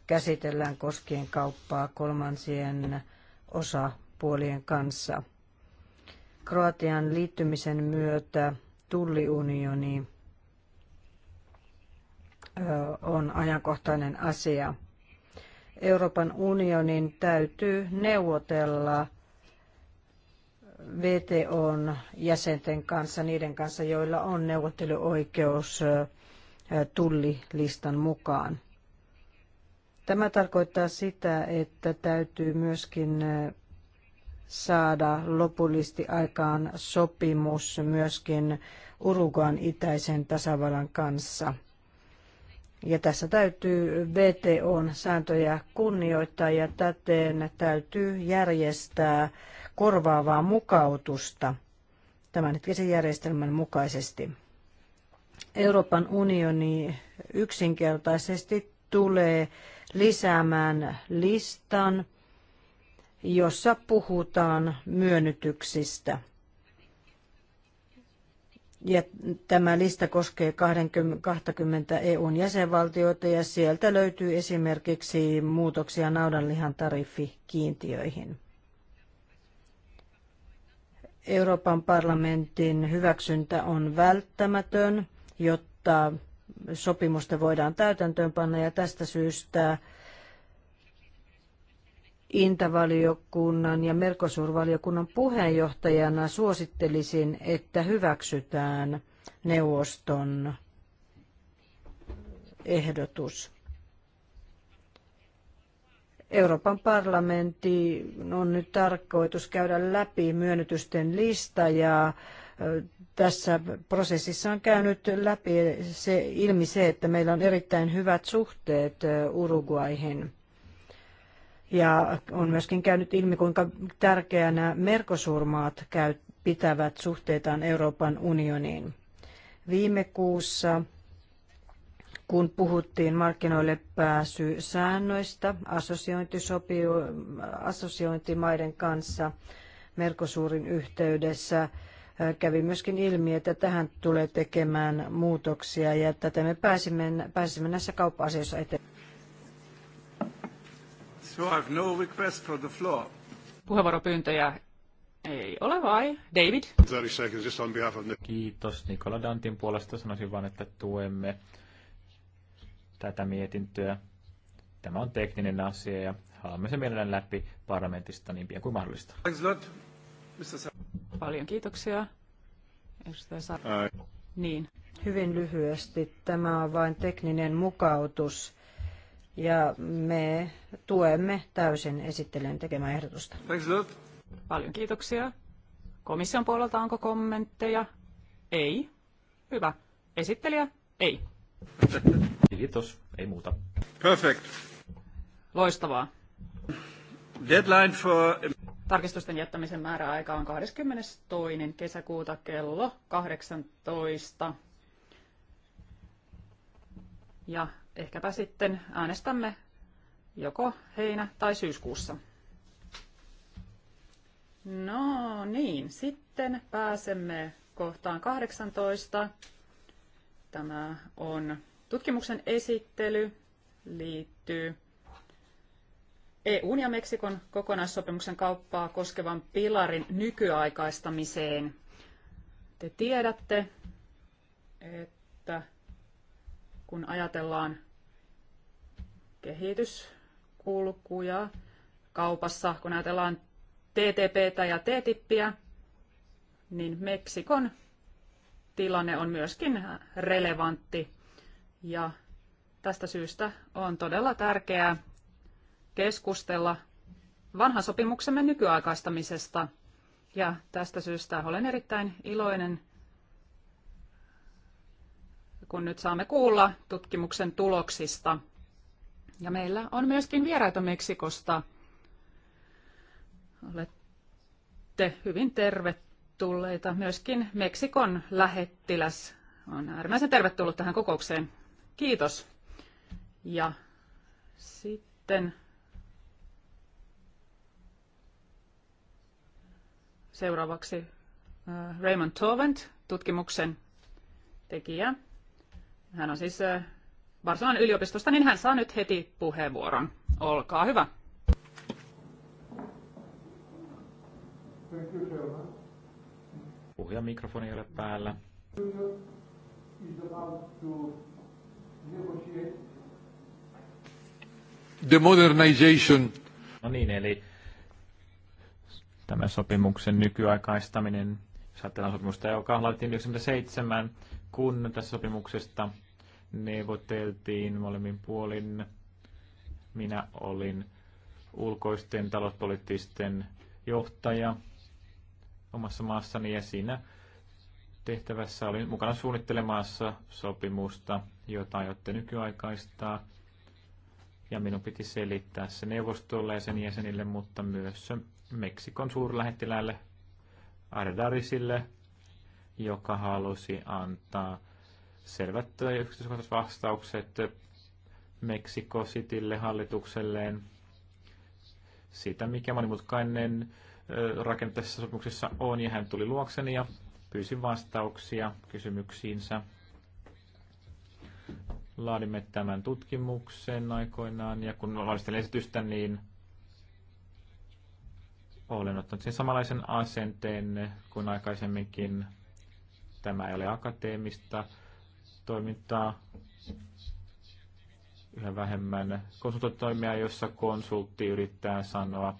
käsitellään koskien kauppaa kolmansien osapuolien kanssa – Kroatian liittymisen myötä tulliunioni on ajankohtainen asia. Euroopan unionin täytyy neuvotella VTOn jäsenten kanssa, niiden kanssa, joilla on neuvotteluoikeus tullilistan mukaan. Tämä tarkoittaa sitä, että täytyy myöskin saada lopullisesti aikaan sopimus myöskin Uruguan itäisen tasavallan kanssa. Ja tässä täytyy VTOn sääntöjä kunnioittaa ja täten täytyy järjestää korvaavaa mukautusta tämänhetkisen järjestelmän mukaisesti. Euroopan unioni yksinkertaisesti tulee lisäämään listan jossa puhutaan myönnytyksistä. Ja tämä lista koskee 20, EUn jäsenvaltioita ja sieltä löytyy esimerkiksi muutoksia naudanlihan tariffikiintiöihin. Euroopan parlamentin hyväksyntä on välttämätön, jotta sopimusta voidaan täytäntöönpanna ja tästä syystä Intavaliokunnan ja Merkosurvaliokunnan puheenjohtajana suosittelisin, että hyväksytään neuvoston ehdotus. Euroopan parlamentti on nyt tarkoitus käydä läpi myönnytysten lista ja tässä prosessissa on käynyt läpi se, ilmi se, että meillä on erittäin hyvät suhteet Uruguaihin. Ja on myöskin käynyt ilmi, kuinka tärkeänä merkosurmaat käy, pitävät suhteitaan Euroopan unioniin. Viime kuussa, kun puhuttiin markkinoille pääsysäännöistä assosiointimaiden kanssa Merkosuurin yhteydessä, äh, kävi myöskin ilmi, että tähän tulee tekemään muutoksia ja tätä me pääsimme, pääsimme näissä kauppa-asioissa eteenpäin. No Puheenvuoropyyntöjä ei ole vai? David? Kiitos Nikola Dantin puolesta. Sanoisin vain, että tuemme tätä mietintöä. Tämä on tekninen asia ja haluamme sen mielellään läpi parlamentista niin pian kuin mahdollista. Paljon kiitoksia. Niin. Hyvin lyhyesti. Tämä on vain tekninen mukautus ja me tuemme täysin esittelijän tekemää ehdotusta. Paljon kiitoksia. Komission puolelta onko kommentteja? Ei. Hyvä. Esittelijä? Ei. Kiitos. Ei muuta. Perfect. Loistavaa. Deadline for... Tarkistusten jättämisen määräaika on 22. kesäkuuta kello 18. Ja ehkäpä sitten äänestämme joko heinä- tai syyskuussa. No niin, sitten pääsemme kohtaan 18. Tämä on tutkimuksen esittely, liittyy EUn ja Meksikon kokonaissopimuksen kauppaa koskevan pilarin nykyaikaistamiseen. Te tiedätte, että kun ajatellaan kehityskulkuja kaupassa, kun ajatellaan TTPtä ja TTIPiä, niin Meksikon tilanne on myöskin relevantti. Ja tästä syystä on todella tärkeää keskustella vanhan sopimuksemme nykyaikaistamisesta. Ja tästä syystä olen erittäin iloinen, kun nyt saamme kuulla tutkimuksen tuloksista – ja meillä on myöskin vieraita Meksikosta. Olette hyvin tervetulleita. Myöskin Meksikon lähettiläs on äärimmäisen tervetullut tähän kokoukseen. Kiitos. Ja sitten seuraavaksi äh, Raymond Torvent, tutkimuksen tekijä. Hän on siis äh, Barcelonan yliopistosta, niin hän saa nyt heti puheenvuoron. Olkaa hyvä. Puhuja mikrofoni ei ole päällä. The modernization. No niin, eli tämä sopimuksen nykyaikaistaminen, jos ajatellaan sopimusta, joka laitettiin 97, kun tässä sopimuksesta neuvoteltiin molemmin puolin. Minä olin ulkoisten talouspoliittisten johtaja omassa maassani ja siinä tehtävässä olin mukana suunnittelemassa sopimusta, jota aiotte nykyaikaistaa. Ja minun piti selittää se neuvostolle ja sen jäsenille, mutta myös Meksikon suurlähettiläälle Ardarisille, joka halusi antaa selvät yksityiskohtaiset vastaukset Meksiko Citylle hallitukselleen siitä, mikä monimutkainen rakenteessa sopimuksessa on, ja hän tuli luokseni ja pyysi vastauksia kysymyksiinsä. Laadimme tämän tutkimuksen aikoinaan, ja kun valmistelin esitystä, niin olen ottanut sen samanlaisen asenteen kuin aikaisemminkin. Tämä ei ole akateemista toimintaa, yhä vähemmän konsultoitoimia, jossa konsultti yrittää sanoa,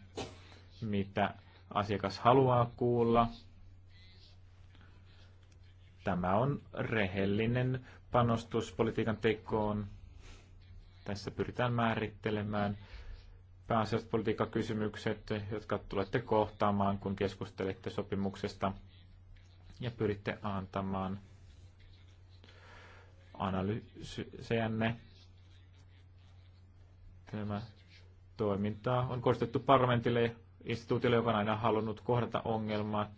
mitä asiakas haluaa kuulla. Tämä on rehellinen panostus politiikan tekoon. Tässä pyritään määrittelemään pääasialliset politiikkakysymykset, jotka tulette kohtaamaan, kun keskustelette sopimuksesta ja pyritte antamaan analyysejänne. Tämä toimintaa on kohdistettu parlamentille ja instituutille, joka on aina halunnut kohdata ongelmat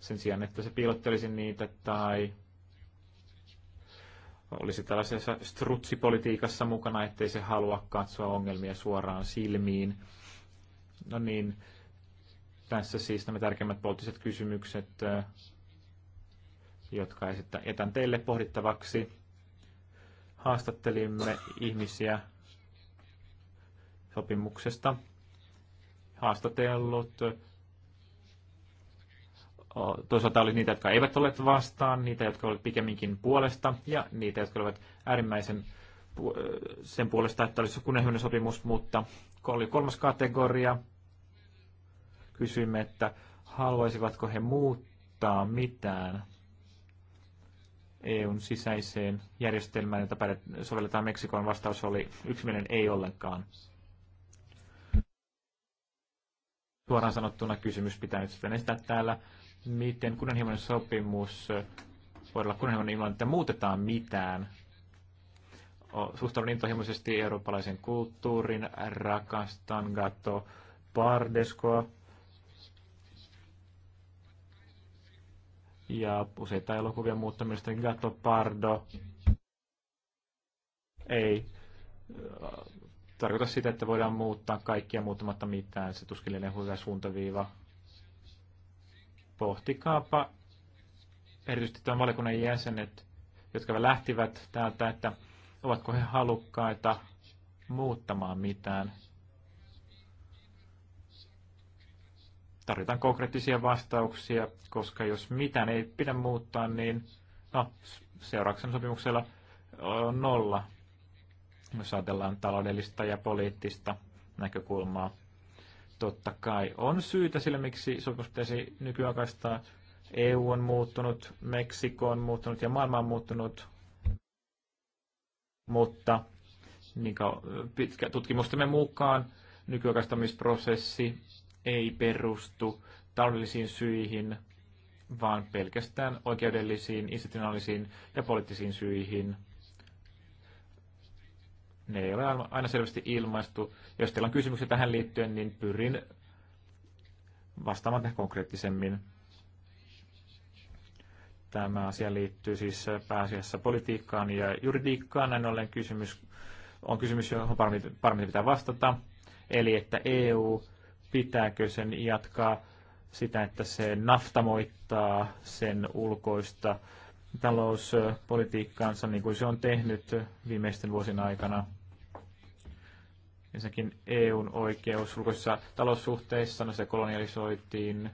sen sijaan, että se piilottelisi niitä tai olisi tällaisessa strutsipolitiikassa mukana, ettei se halua katsoa ongelmia suoraan silmiin. No niin, tässä siis nämä tärkeimmät poliittiset kysymykset, jotka jätän teille pohdittavaksi haastattelimme ihmisiä sopimuksesta. Haastatellut toisaalta oli niitä, jotka eivät olleet vastaan, niitä, jotka olivat pikemminkin puolesta ja niitä, jotka olivat äärimmäisen sen puolesta, että olisi kunnianhimoinen sopimus, mutta oli kolmas kategoria. Kysyimme, että haluaisivatko he muuttaa mitään EUn sisäiseen järjestelmään, jota sovelletaan Meksikon vastaus oli yksimielinen ei ollenkaan. Suoraan sanottuna kysymys pitää nyt sitten estää täällä, miten kunnianhimoinen sopimus voi olla kunnianhimoinen ilman, että muutetaan mitään. Suhtaudun intohimoisesti eurooppalaisen kulttuurin, rakastan Gato Pardeskoa, ja useita elokuvia muuttamista. Gatto Pardo ei äh, tarkoita sitä, että voidaan muuttaa kaikkia muuttamatta mitään. Se tuskin hyvä suuntaviiva. Pohtikaapa erityisesti tämän valiokunnan jäsenet, jotka lähtivät täältä, että ovatko he halukkaita muuttamaan mitään tarvitaan konkreettisia vastauksia, koska jos mitään ei pidä muuttaa, niin no, seuraavaksi sopimuksella on nolla, jos ajatellaan taloudellista ja poliittista näkökulmaa. Totta kai on syytä sille, miksi sopimus pitäisi nykyaikaistaa. EU on muuttunut, Meksiko on muuttunut ja maailma on muuttunut, mutta niin pitkä tutkimustamme mukaan nykyaikaistamisprosessi ei perustu taloudellisiin syihin, vaan pelkästään oikeudellisiin, institutionaalisiin ja poliittisiin syihin. Ne ei ole aina selvästi ilmaistu. Jos teillä on kysymyksiä tähän liittyen, niin pyrin vastaamaan tähän konkreettisemmin. Tämä asia liittyy siis pääasiassa politiikkaan ja juridiikkaan. Näin ollen kysymys on kysymys, johon paremmin pitää vastata. Eli että EU pitääkö sen jatkaa sitä, että se naftamoittaa sen ulkoista talouspolitiikkaansa, niin kuin se on tehnyt viimeisten vuosien aikana. Ensinnäkin EUn oikeus ulkoisissa taloussuhteissa, no se kolonialisoitiin,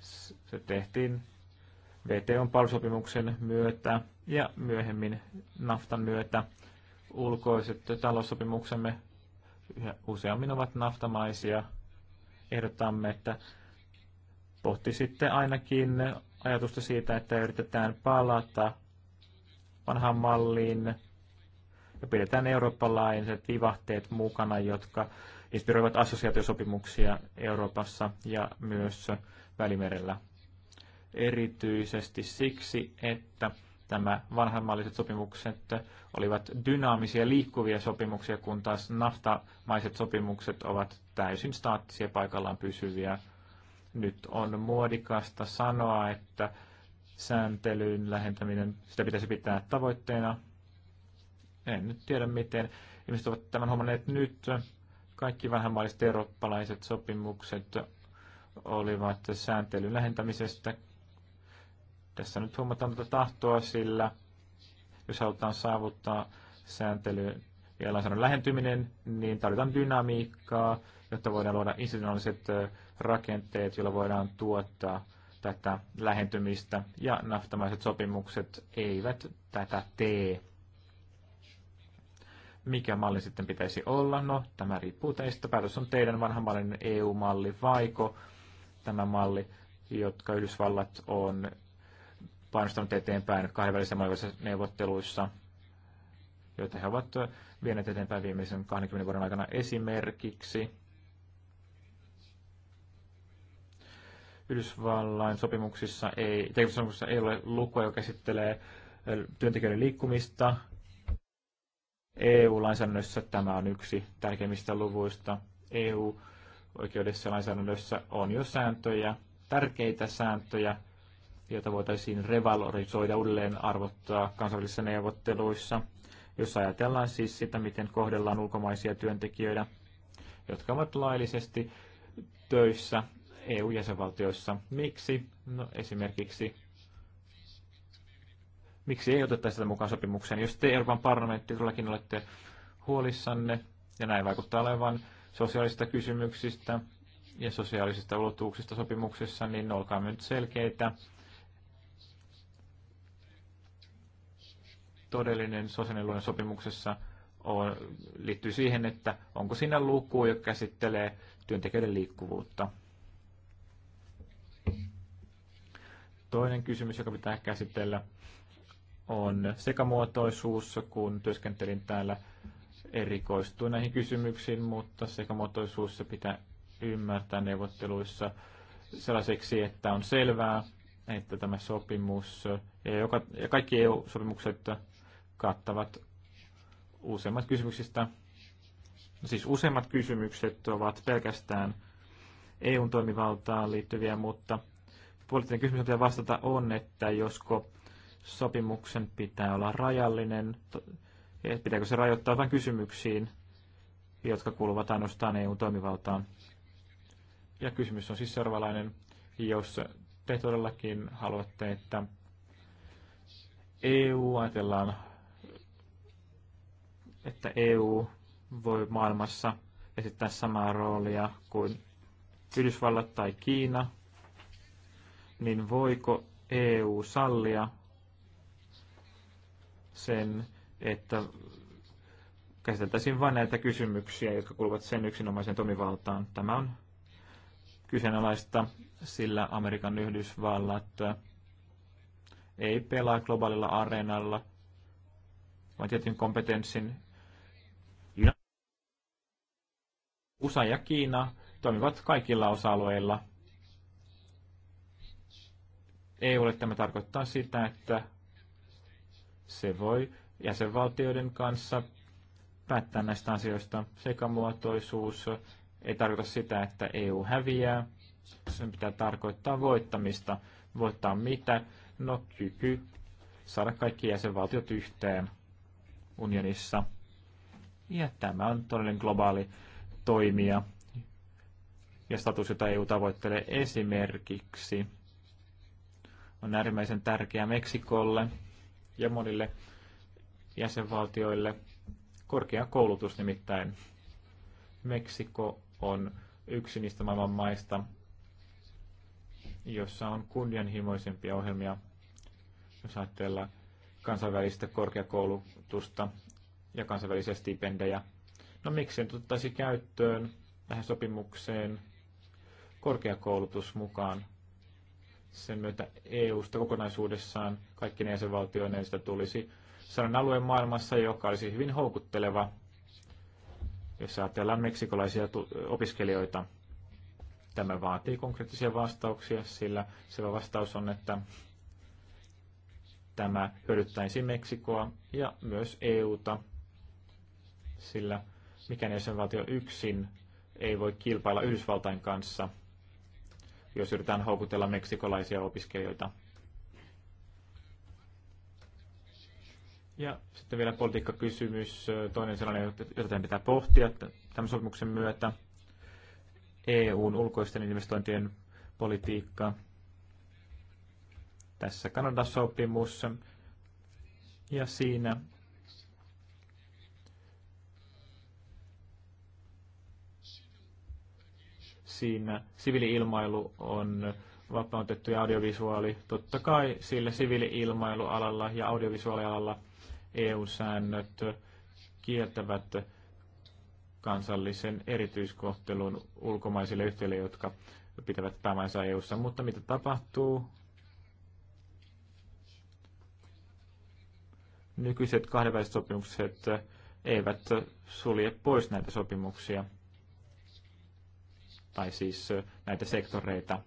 se tehtiin VTOn palvelusopimuksen myötä ja myöhemmin NAFTAn myötä ulkoiset taloussopimuksemme yhä useammin ovat naftamaisia. Ehdotamme, että pohti sitten ainakin ajatusta siitä, että yritetään palata vanhaan malliin ja pidetään eurooppalaiset vivahteet mukana, jotka inspiroivat assosiaatiosopimuksia Euroopassa ja myös Välimerellä. Erityisesti siksi, että Tämä vanhemmalliset sopimukset olivat dynaamisia liikkuvia sopimuksia, kun taas naftamaiset sopimukset ovat täysin staattisia paikallaan pysyviä. Nyt on muodikasta sanoa, että sääntelyn lähentäminen, sitä pitäisi pitää tavoitteena. En nyt tiedä miten. Ihmiset ovat tämän huomanneet nyt. Kaikki vähämaiset eurooppalaiset sopimukset olivat sääntelyn lähentämisestä tässä nyt huomataan tätä tahtoa, sillä jos halutaan saavuttaa sääntely ja lainsäädännön lähentyminen, niin tarvitaan dynamiikkaa, jotta voidaan luoda institutionaaliset rakenteet, joilla voidaan tuottaa tätä lähentymistä, ja naftamaiset sopimukset eivät tätä tee. Mikä malli sitten pitäisi olla? No, tämä riippuu teistä. Päätös on teidän vanha mallinen EU-malli, vaiko tämä malli, jotka Yhdysvallat on painostanut eteenpäin kahdenvälisissä maailmassa neuvotteluissa, joita he ovat vieneet eteenpäin viimeisen 20 vuoden aikana esimerkiksi. Yhdysvallain sopimuksissa ei, sopimuksissa ei ole lukua, joka käsittelee työntekijöiden liikkumista. EU-lainsäädännössä tämä on yksi tärkeimmistä luvuista. EU-oikeudessa ja lainsäädännössä on jo sääntöjä, tärkeitä sääntöjä, jota voitaisiin revalorisoida uudelleen arvottaa kansainvälisissä neuvotteluissa, jos ajatellaan siis sitä, miten kohdellaan ulkomaisia työntekijöitä, jotka ovat laillisesti töissä EU-jäsenvaltioissa. Miksi? No esimerkiksi miksi ei otettaisi sitä mukaan sopimukseen. Jos te Euroopan parlamentti todellakin olette huolissanne, ja näin vaikuttaa olevan sosiaalisista kysymyksistä ja sosiaalisista ulottuvuuksista sopimuksessa, niin olkaa nyt selkeitä todellinen sosiaalinen sopimuksessa on, liittyy siihen, että onko siinä luku, joka käsittelee työntekijöiden liikkuvuutta. Toinen kysymys, joka pitää käsitellä, on sekamuotoisuus, kun työskentelin täällä erikoistuu näihin kysymyksiin, mutta sekamuotoisuus se pitää ymmärtää neuvotteluissa sellaiseksi, että on selvää, että tämä sopimus ja, joka, ja kaikki EU-sopimukset kattavat useimmat kysymyksistä, no siis useimmat kysymykset ovat pelkästään eu toimivaltaan liittyviä, mutta poliittinen kysymys, mitä vastata on, että josko sopimuksen pitää olla rajallinen, eh, pitääkö se rajoittaa vain kysymyksiin, jotka kuuluvat ainoastaan eu toimivaltaan. Ja kysymys on siis seuraavalainen, jos te todellakin haluatte, että EU ajatellaan että EU voi maailmassa esittää samaa roolia kuin Yhdysvallat tai Kiina, niin voiko EU sallia sen, että käsiteltäisiin vain näitä kysymyksiä, jotka kuuluvat sen yksinomaiseen toimivaltaan. Tämä on kyseenalaista, sillä Amerikan Yhdysvallat ei pelaa globaalilla areenalla, vaan tietyn kompetenssin USA ja Kiina toimivat kaikilla osa-alueilla. EUlle tämä tarkoittaa sitä, että se voi jäsenvaltioiden kanssa päättää näistä asioista. Sekamuotoisuus ei tarkoita sitä, että EU häviää. Sen pitää tarkoittaa voittamista. Voittaa mitä? No kyky saada kaikki jäsenvaltiot yhteen unionissa. Ja tämä on todellinen globaali toimia ja status, jota EU tavoittelee esimerkiksi, on äärimmäisen tärkeä Meksikolle ja monille jäsenvaltioille. Korkea koulutus nimittäin. Meksiko on yksi niistä maailman maista, jossa on kunnianhimoisempia ohjelmia, jos ajatellaan kansainvälistä korkeakoulutusta ja kansainvälisiä stipendejä – No miksi sen ottaisi käyttöön tähän sopimukseen korkeakoulutus mukaan? Sen myötä EU-sta kokonaisuudessaan kaikki ne jäsenvaltioineen sitä tulisi sadan alueen maailmassa, joka olisi hyvin houkutteleva, jos ajatellaan meksikolaisia opiskelijoita. Tämä vaatii konkreettisia vastauksia, sillä se vastaus on, että tämä hyödyttäisi Meksikoa ja myös EUta, sillä mikään jäsenvaltio yksin ei voi kilpailla Yhdysvaltain kanssa, jos yritetään houkutella meksikolaisia opiskelijoita. Ja sitten vielä politiikkakysymys, toinen sellainen, jota pitää pohtia tämän sopimuksen myötä. EUn ulkoisten investointien politiikka. Tässä Kanadan sopimus. Ja siinä siinä siviiliilmailu on vapautettu ja audiovisuaali. Totta kai sillä siviiliilmailualalla ja audiovisuaalialalla EU-säännöt kieltävät kansallisen erityiskohtelun ulkomaisille yhtiöille, jotka pitävät päämänsä EU-ssa. Mutta mitä tapahtuu? Nykyiset kahdenväliset sopimukset eivät sulje pois näitä sopimuksia – tai siis näitä sektoreita.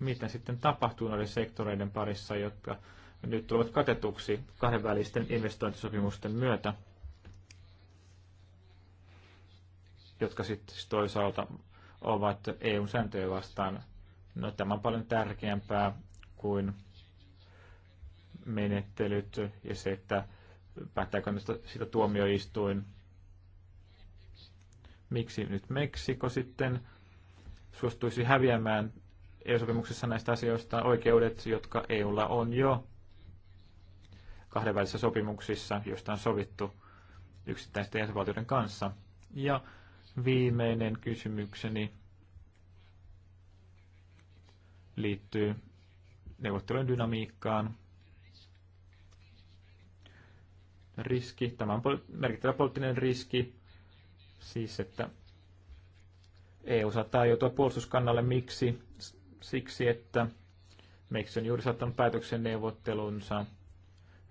Mitä sitten tapahtuu näiden sektoreiden parissa, jotka nyt tulevat katetuksi kahdenvälisten investointisopimusten myötä, jotka sitten siis toisaalta ovat EU-sääntöjä vastaan. No, tämä on paljon tärkeämpää kuin menettelyt ja se, että päättääkö sitä tuomioistuin miksi nyt Meksiko sitten suostuisi häviämään EU-sopimuksessa näistä asioista oikeudet, jotka EUlla on jo kahdenvälisissä sopimuksissa, joista on sovittu yksittäisten jäsenvaltioiden kanssa. Ja viimeinen kysymykseni liittyy neuvottelujen dynamiikkaan. Riski, tämä on merkittävä poliittinen riski, Siis, että EU saattaa joutua puolustuskannalle. Miksi? Siksi, että Meksi on juuri saattanut päätöksen neuvottelunsa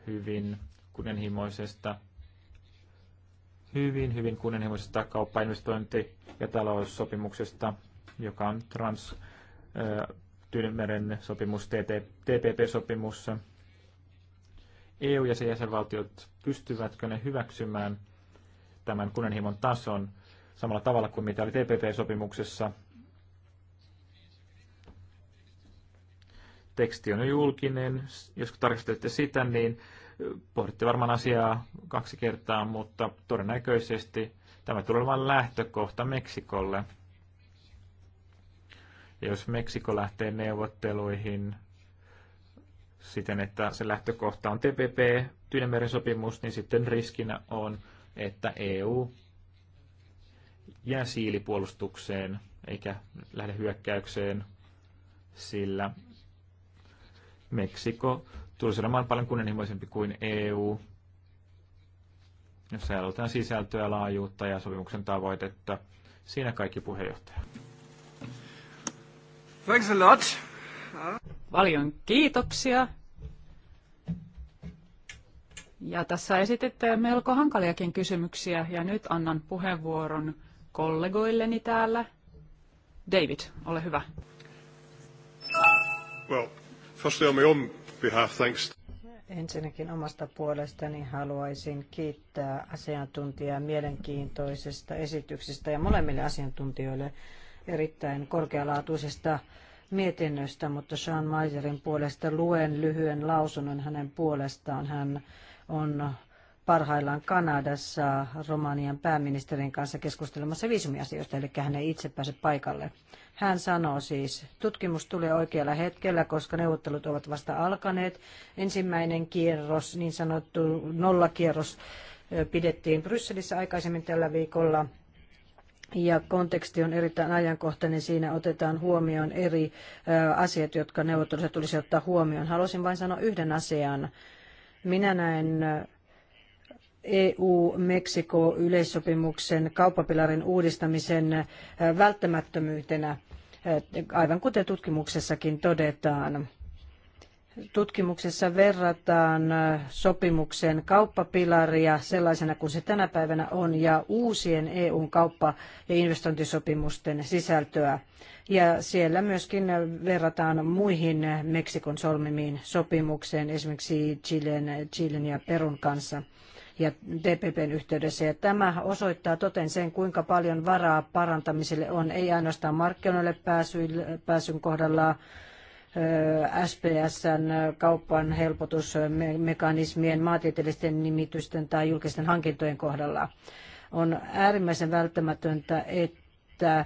hyvin kunnianhimoisesta hyvin, hyvin kunnianhimoisesta kauppainvestointi- ja taloussopimuksesta, joka on trans Tyynemeren sopimus, TPP-sopimus. EU ja sen jäsenvaltiot, pystyvätkö ne hyväksymään – tämän kunnianhimon tason samalla tavalla kuin mitä oli TPP-sopimuksessa. Teksti on jo julkinen. Jos tarkastelette sitä, niin pohditte varmaan asiaa kaksi kertaa, mutta todennäköisesti tämä tulee olemaan lähtökohta Meksikolle. Ja jos Meksiko lähtee neuvotteluihin siten, että se lähtökohta on TPP, Tyynemeren sopimus, niin sitten riskinä on että EU jää siilipuolustukseen eikä lähde hyökkäykseen, sillä Meksiko tulisi olemaan paljon kunnianhimoisempi kuin EU, jossa aloitetaan sisältöä, laajuutta ja sopimuksen tavoitetta. Siinä kaikki puheenjohtaja. Thanks a lot. Paljon kiitoksia. Ja tässä esititte melko hankaliakin kysymyksiä ja nyt annan puheenvuoron kollegoilleni täällä. David, ole hyvä. Well, firstly on my own behalf, thanks. Ensinnäkin omasta puolestani haluaisin kiittää asiantuntijaa mielenkiintoisesta esityksestä ja molemmille asiantuntijoille erittäin korkealaatuisesta mietinnöstä, mutta Sean Meiserin puolesta luen lyhyen lausunnon hänen puolestaan. Hän on parhaillaan Kanadassa Romanian pääministerin kanssa keskustelemassa viisumiasioista, eli hän ei itse pääse paikalle. Hän sanoo siis, tutkimus tulee oikealla hetkellä, koska neuvottelut ovat vasta alkaneet. Ensimmäinen kierros, niin sanottu nollakierros, pidettiin Brysselissä aikaisemmin tällä viikolla. Ja konteksti on erittäin ajankohtainen. Siinä otetaan huomioon eri asiat, jotka neuvottelussa tulisi ottaa huomioon. Haluaisin vain sanoa yhden asian minä näen äh, EU-Meksiko-yleissopimuksen kauppapilarin uudistamisen äh, välttämättömyytenä, äh, aivan kuten tutkimuksessakin todetaan tutkimuksessa verrataan sopimuksen kauppapilaria sellaisena kuin se tänä päivänä on ja uusien EUn kauppa- ja investointisopimusten sisältöä. Ja siellä myöskin verrataan muihin Meksikon solmimiin sopimukseen, esimerkiksi Chilen, Chilen ja Perun kanssa ja TPPn yhteydessä. Ja tämä osoittaa toten sen, kuinka paljon varaa parantamiselle on, ei ainoastaan markkinoille pääsyn kohdalla, SPSn kaupan helpotusmekanismien, maatieteellisten nimitysten tai julkisten hankintojen kohdalla. On äärimmäisen välttämätöntä, että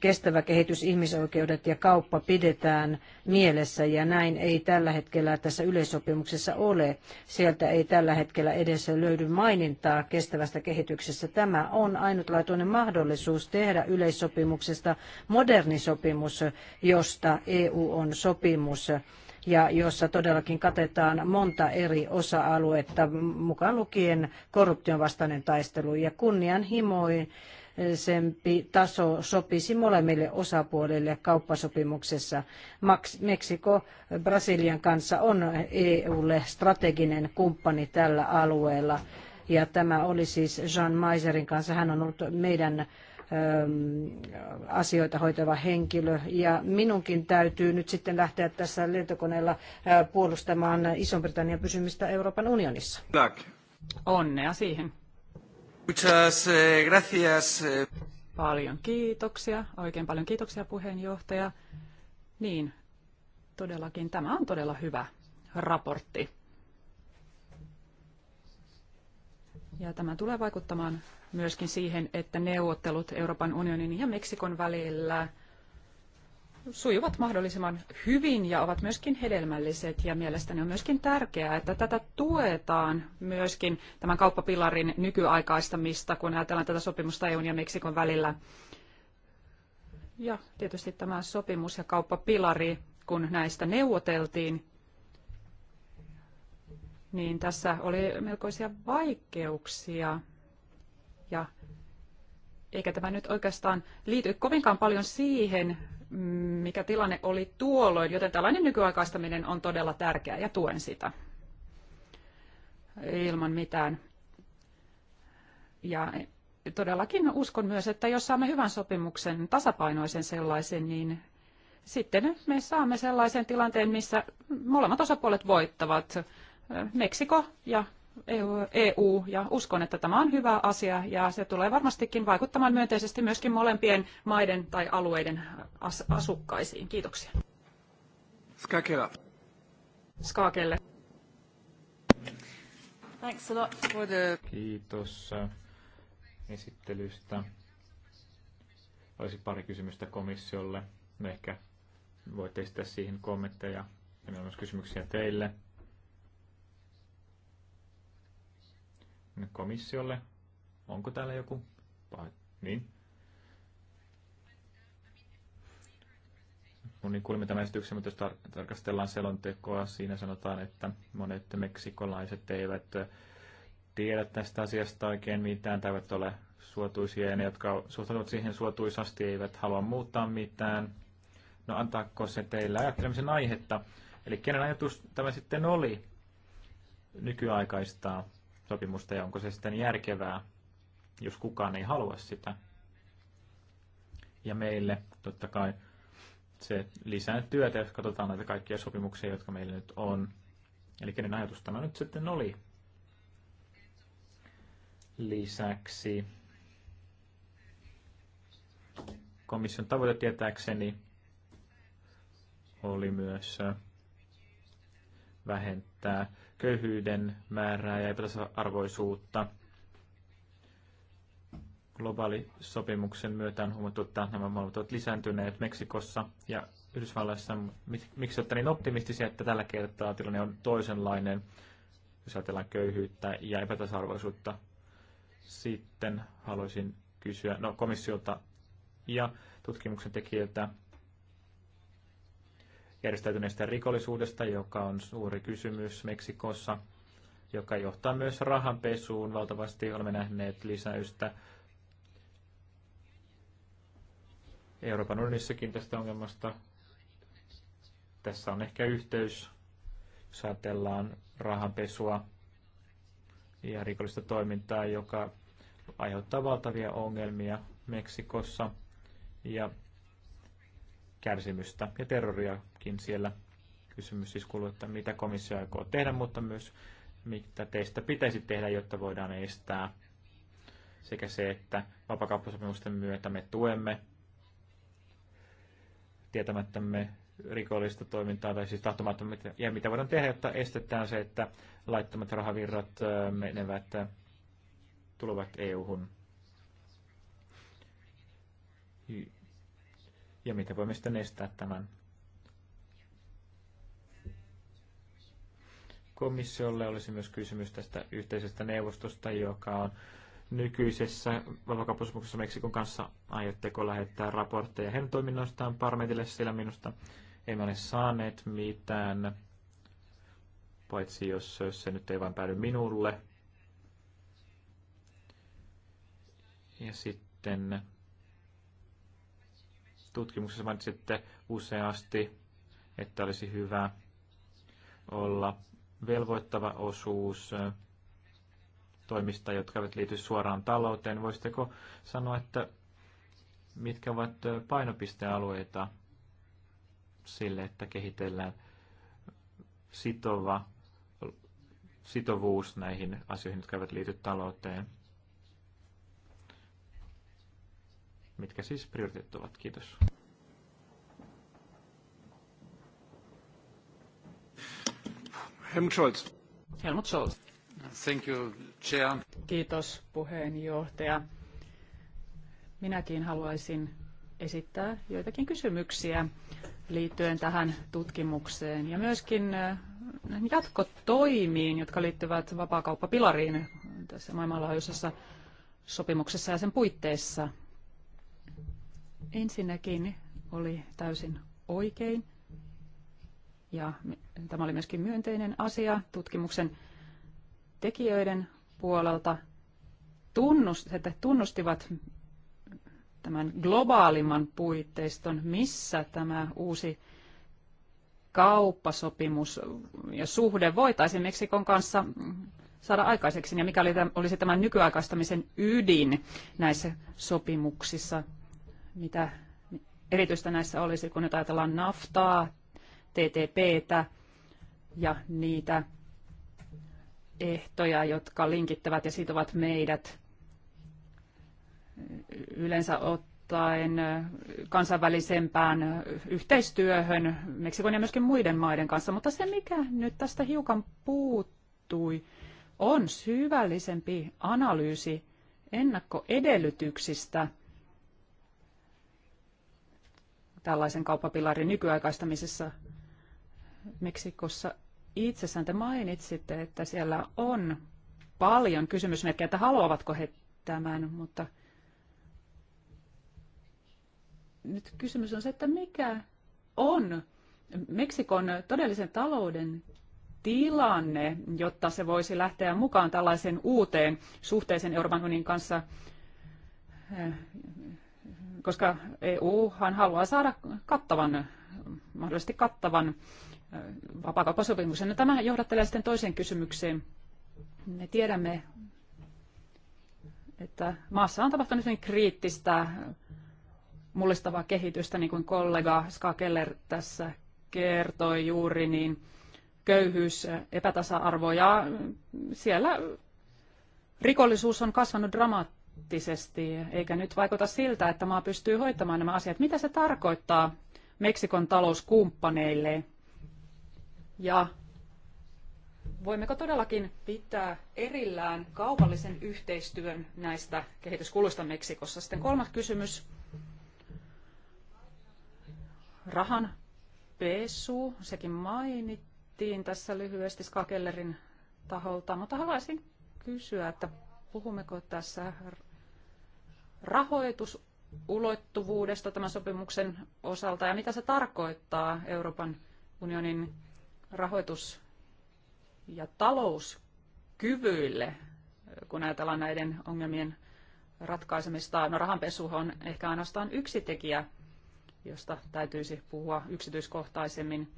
kestävä kehitys, ihmisoikeudet ja kauppa pidetään mielessä ja näin ei tällä hetkellä tässä yleissopimuksessa ole. Sieltä ei tällä hetkellä edes löydy mainintaa kestävästä kehityksestä. Tämä on ainutlaatuinen mahdollisuus tehdä yleissopimuksesta moderni sopimus, josta EU on sopimus ja jossa todellakin katetaan monta eri osa-aluetta, mukaan lukien korruption vastainen taistelu ja kunnianhimoin alhaisempi taso sopisi molemmille osapuolille kauppasopimuksessa. Meksiko Brasilian kanssa on EUlle strateginen kumppani tällä alueella. Ja tämä oli siis Jean Maiserin kanssa. Hän on ollut meidän asioita hoitava henkilö. Ja minunkin täytyy nyt sitten lähteä tässä lentokoneella puolustamaan Ison-Britannian pysymistä Euroopan unionissa. Onnea siihen. Muchas eh, gracias. Eh. Paljon kiitoksia, oikein paljon kiitoksia puheenjohtaja. Niin, todellakin tämä on todella hyvä raportti. Ja tämä tulee vaikuttamaan myöskin siihen, että neuvottelut Euroopan unionin ja Meksikon välillä – sujuvat mahdollisimman hyvin ja ovat myöskin hedelmälliset. Ja mielestäni on myöskin tärkeää, että tätä tuetaan myöskin tämän kauppapilarin nykyaikaistamista, kun ajatellaan tätä sopimusta EUn ja Meksikon välillä. Ja tietysti tämä sopimus ja kauppapilari, kun näistä neuvoteltiin, niin tässä oli melkoisia vaikeuksia. Ja eikä tämä nyt oikeastaan liity kovinkaan paljon siihen, mikä tilanne oli tuolloin, joten tällainen nykyaikaistaminen on todella tärkeää ja tuen sitä ilman mitään. Ja todellakin uskon myös, että jos saamme hyvän sopimuksen, tasapainoisen sellaisen, niin sitten me saamme sellaisen tilanteen, missä molemmat osapuolet voittavat. Meksiko ja EU, EU ja uskon, että tämä on hyvä asia ja se tulee varmastikin vaikuttamaan myönteisesti myöskin molempien maiden tai alueiden as- asukkaisiin. Kiitoksia. Skakela. Skakelle. Thanks a lot for the... Kiitos äh, esittelystä. Olisi pari kysymystä komissiolle. No ehkä voitte esittää siihen kommentteja ja meillä on myös kysymyksiä teille. komissiolle. Onko täällä joku? Vai, niin. No niin, kuulimme tämän esityksen, mutta jos tar- tarkastellaan selontekoa, siinä sanotaan, että monet meksikolaiset eivät tiedä tästä asiasta oikein mitään, tai eivät ole suotuisia, ja ne, jotka suhtautuvat siihen suotuisasti, eivät halua muuttaa mitään. No antaako se teillä ajattelemisen aihetta? Eli kenen ajatus tämä sitten oli nykyaikaistaa sopimusta ja onko se sitten järkevää, jos kukaan ei halua sitä. Ja meille totta kai se lisää työtä, jos katsotaan näitä kaikkia sopimuksia, jotka meillä nyt on. Eli kenen ajatus tämä nyt sitten oli. Lisäksi komission tavoite tietääkseni oli myös vähentää köyhyyden määrää ja epätasa-arvoisuutta. Globaali sopimuksen myötä on huomattu, että nämä maailmat ovat lisääntyneet Meksikossa ja Yhdysvalloissa. Miksi olette niin optimistisia, että tällä kertaa tilanne on toisenlainen, jos ajatellaan köyhyyttä ja epätasa-arvoisuutta? Sitten haluaisin kysyä no, komissiolta ja tutkimuksen tekijöiltä järjestäytyneestä rikollisuudesta, joka on suuri kysymys Meksikossa, joka johtaa myös rahanpesuun. Valtavasti olemme nähneet lisäystä Euroopan unionissakin tästä ongelmasta. Tässä on ehkä yhteys, jos ajatellaan rahanpesua ja rikollista toimintaa, joka aiheuttaa valtavia ongelmia Meksikossa. Ja kärsimystä ja terroriakin siellä. Kysymys siis kuuluu, että mitä komissio aikoo tehdä, mutta myös mitä teistä pitäisi tehdä, jotta voidaan estää sekä se, että vapakauppasopimusten myötä me tuemme tietämättämme rikollista toimintaa tai siis tahtomattomia, ja mitä voidaan tehdä, jotta estetään se, että laittomat rahavirrat menevät, tulevat EU-hun ja miten voimme sitten estää tämän. Komissiolle olisi myös kysymys tästä yhteisestä neuvostosta, joka on nykyisessä vapakauppasopimuksessa Meksikon kanssa. Aiotteko lähettää raportteja heidän toiminnoistaan parmetille, sillä minusta emme ole saaneet mitään, paitsi jos se nyt ei vain päädy minulle. Ja sitten tutkimuksessa mainitsitte useasti, että olisi hyvä olla velvoittava osuus toimista, jotka eivät liity suoraan talouteen. Voisitteko sanoa, että mitkä ovat painopistealueita sille, että kehitellään sitova, sitovuus näihin asioihin, jotka eivät liity talouteen? mitkä siis prioriteetit ovat. Kiitos. Helmut Scholz. Helmut Scholz. Thank you, Chair. Kiitos puheenjohtaja. Minäkin haluaisin esittää joitakin kysymyksiä liittyen tähän tutkimukseen ja myöskin äh, jatkotoimiin, jotka liittyvät vapaakauppapilariin tässä maailmanlaajuisessa sopimuksessa ja sen puitteissa – Ensinnäkin oli täysin oikein ja tämä oli myöskin myönteinen asia tutkimuksen tekijöiden puolelta, tunnust, että tunnustivat tämän globaalimman puitteiston, missä tämä uusi kauppasopimus ja suhde voitaisiin Meksikon kanssa saada aikaiseksi, ja mikä oli, olisi tämän nykyaikaistamisen ydin näissä sopimuksissa – mitä erityistä näissä olisi, kun nyt ajatellaan naftaa, TTPtä ja niitä ehtoja, jotka linkittävät ja sitovat meidät yleensä ottaen kansainvälisempään yhteistyöhön Meksikon ja myöskin muiden maiden kanssa. Mutta se, mikä nyt tästä hiukan puuttui, on syvällisempi analyysi ennakkoedellytyksistä – tällaisen kauppapilarin nykyaikaistamisessa Meksikossa itsessään te mainitsitte, että siellä on paljon kysymysmerkkejä, että haluavatko he tämän, mutta nyt kysymys on se, että mikä on Meksikon todellisen talouden tilanne, jotta se voisi lähteä mukaan tällaiseen uuteen suhteeseen Euroopan unionin kanssa koska EU haluaa saada kattavan, mahdollisesti kattavan vapaakauppasopimuksen. No, tämä johdattelee sitten toiseen kysymykseen. Me tiedämme, että maassa on tapahtunut niin kriittistä mullistavaa kehitystä, niin kuin kollega Ska Keller tässä kertoi juuri, niin köyhyys, epätasa-arvo ja siellä rikollisuus on kasvanut dramaattisesti poliittisesti, eikä nyt vaikuta siltä, että maa pystyy hoitamaan nämä asiat. Mitä se tarkoittaa Meksikon talouskumppaneille? Ja voimmeko todellakin pitää erillään kaupallisen yhteistyön näistä kehityskuluista Meksikossa? Sitten kolmas kysymys. Rahan pesu, sekin mainittiin tässä lyhyesti Skakellerin taholta, mutta haluaisin kysyä, että puhummeko tässä rahoitusulottuvuudesta tämän sopimuksen osalta ja mitä se tarkoittaa Euroopan unionin rahoitus- ja talouskyvyille, kun ajatellaan näiden ongelmien ratkaisemista. No rahanpesu on ehkä ainoastaan yksi tekijä, josta täytyisi puhua yksityiskohtaisemmin.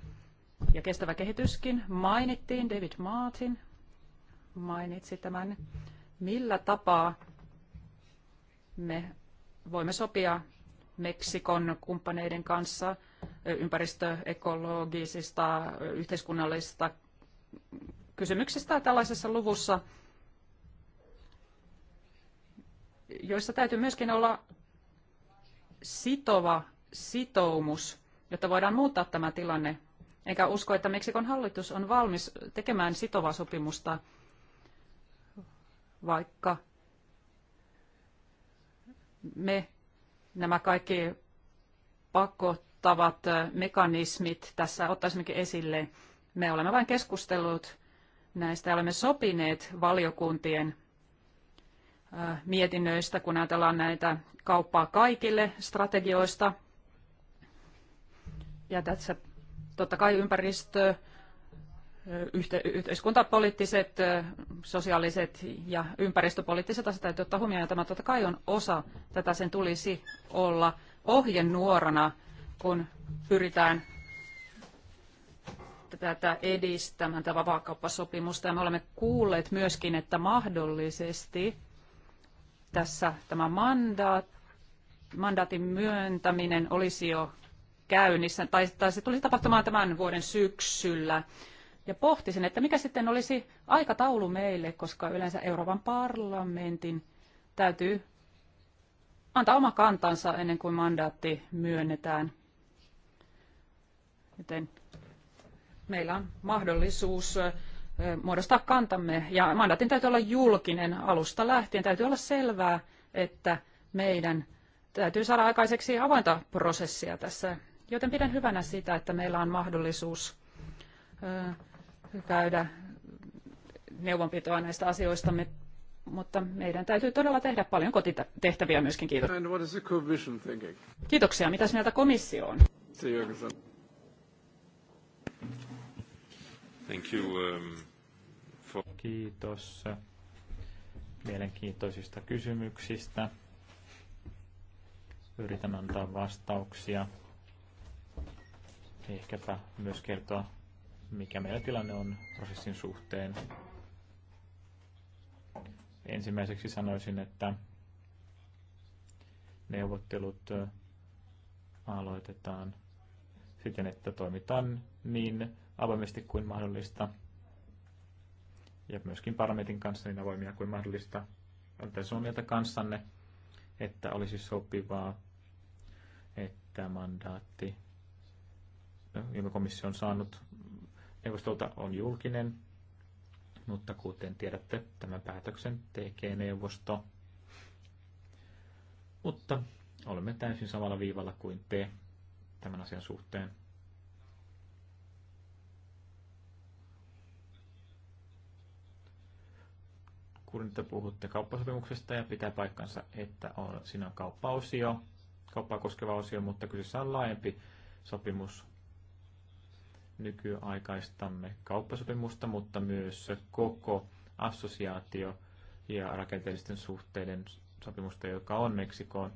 Ja kestävä kehityskin mainittiin, David Martin mainitsi tämän, millä tapaa me voimme sopia Meksikon kumppaneiden kanssa ympäristöekologisista, yhteiskunnallisista kysymyksistä tällaisessa luvussa, joissa täytyy myöskin olla sitova sitoumus, jotta voidaan muuttaa tämä tilanne. Enkä usko, että Meksikon hallitus on valmis tekemään sitovaa sopimusta, vaikka me nämä kaikki pakottavat mekanismit tässä ottaisimmekin esille. Me olemme vain keskustellut näistä ja olemme sopineet valiokuntien mietinnöistä, kun ajatellaan näitä kauppaa kaikille strategioista. Ja tässä totta kai ympäristö, yhteiskuntapoliittiset, sosiaaliset ja ympäristöpoliittiset asiat täytyy ottaa huomioon. Ja tämä totta kai on osa tätä. Sen tulisi olla ohjenuorana, kun pyritään tätä edistämään, tätä vapaakauppasopimusta. Ja me olemme kuulleet myöskin, että mahdollisesti tässä tämä mandaat, mandaatin myöntäminen olisi jo käynnissä, tai, tai se tulisi tapahtumaan tämän vuoden syksyllä ja pohtisin, että mikä sitten olisi aikataulu meille, koska yleensä Euroopan parlamentin täytyy antaa oma kantansa ennen kuin mandaatti myönnetään. Joten meillä on mahdollisuus muodostaa kantamme ja mandaatin täytyy olla julkinen alusta lähtien. Täytyy olla selvää, että meidän täytyy saada aikaiseksi avointa prosessia tässä. Joten pidän hyvänä sitä, että meillä on mahdollisuus käydä neuvonpitoa näistä asioista, mutta meidän täytyy todella tehdä paljon kotitehtäviä myöskin. Kiitos. Kiitoksia. Mitäs mieltä komissio on? Thank you, um, for... Kiitos mielenkiintoisista kysymyksistä. Yritän antaa vastauksia. Ehkäpä myös kertoa mikä meidän tilanne on prosessin suhteen. Ensimmäiseksi sanoisin, että neuvottelut aloitetaan siten, että toimitaan niin avoimesti kuin mahdollista ja myöskin parametin kanssa niin avoimia kuin mahdollista. Olen on mieltä kanssanne, että olisi sopivaa, että mandaatti, no, jonka komissio on saanut, neuvostolta on julkinen, mutta kuten tiedätte, tämän päätöksen tekee neuvosto. Mutta olemme täysin samalla viivalla kuin te tämän asian suhteen. kun te puhutte kauppasopimuksesta ja pitää paikkansa, että on, siinä on kauppaosio, kauppaa koskeva osio, mutta kyseessä on laajempi sopimus nykyaikaistamme kauppasopimusta, mutta myös koko assosiaatio- ja rakenteellisten suhteiden sopimusta, joka on Meksikoon.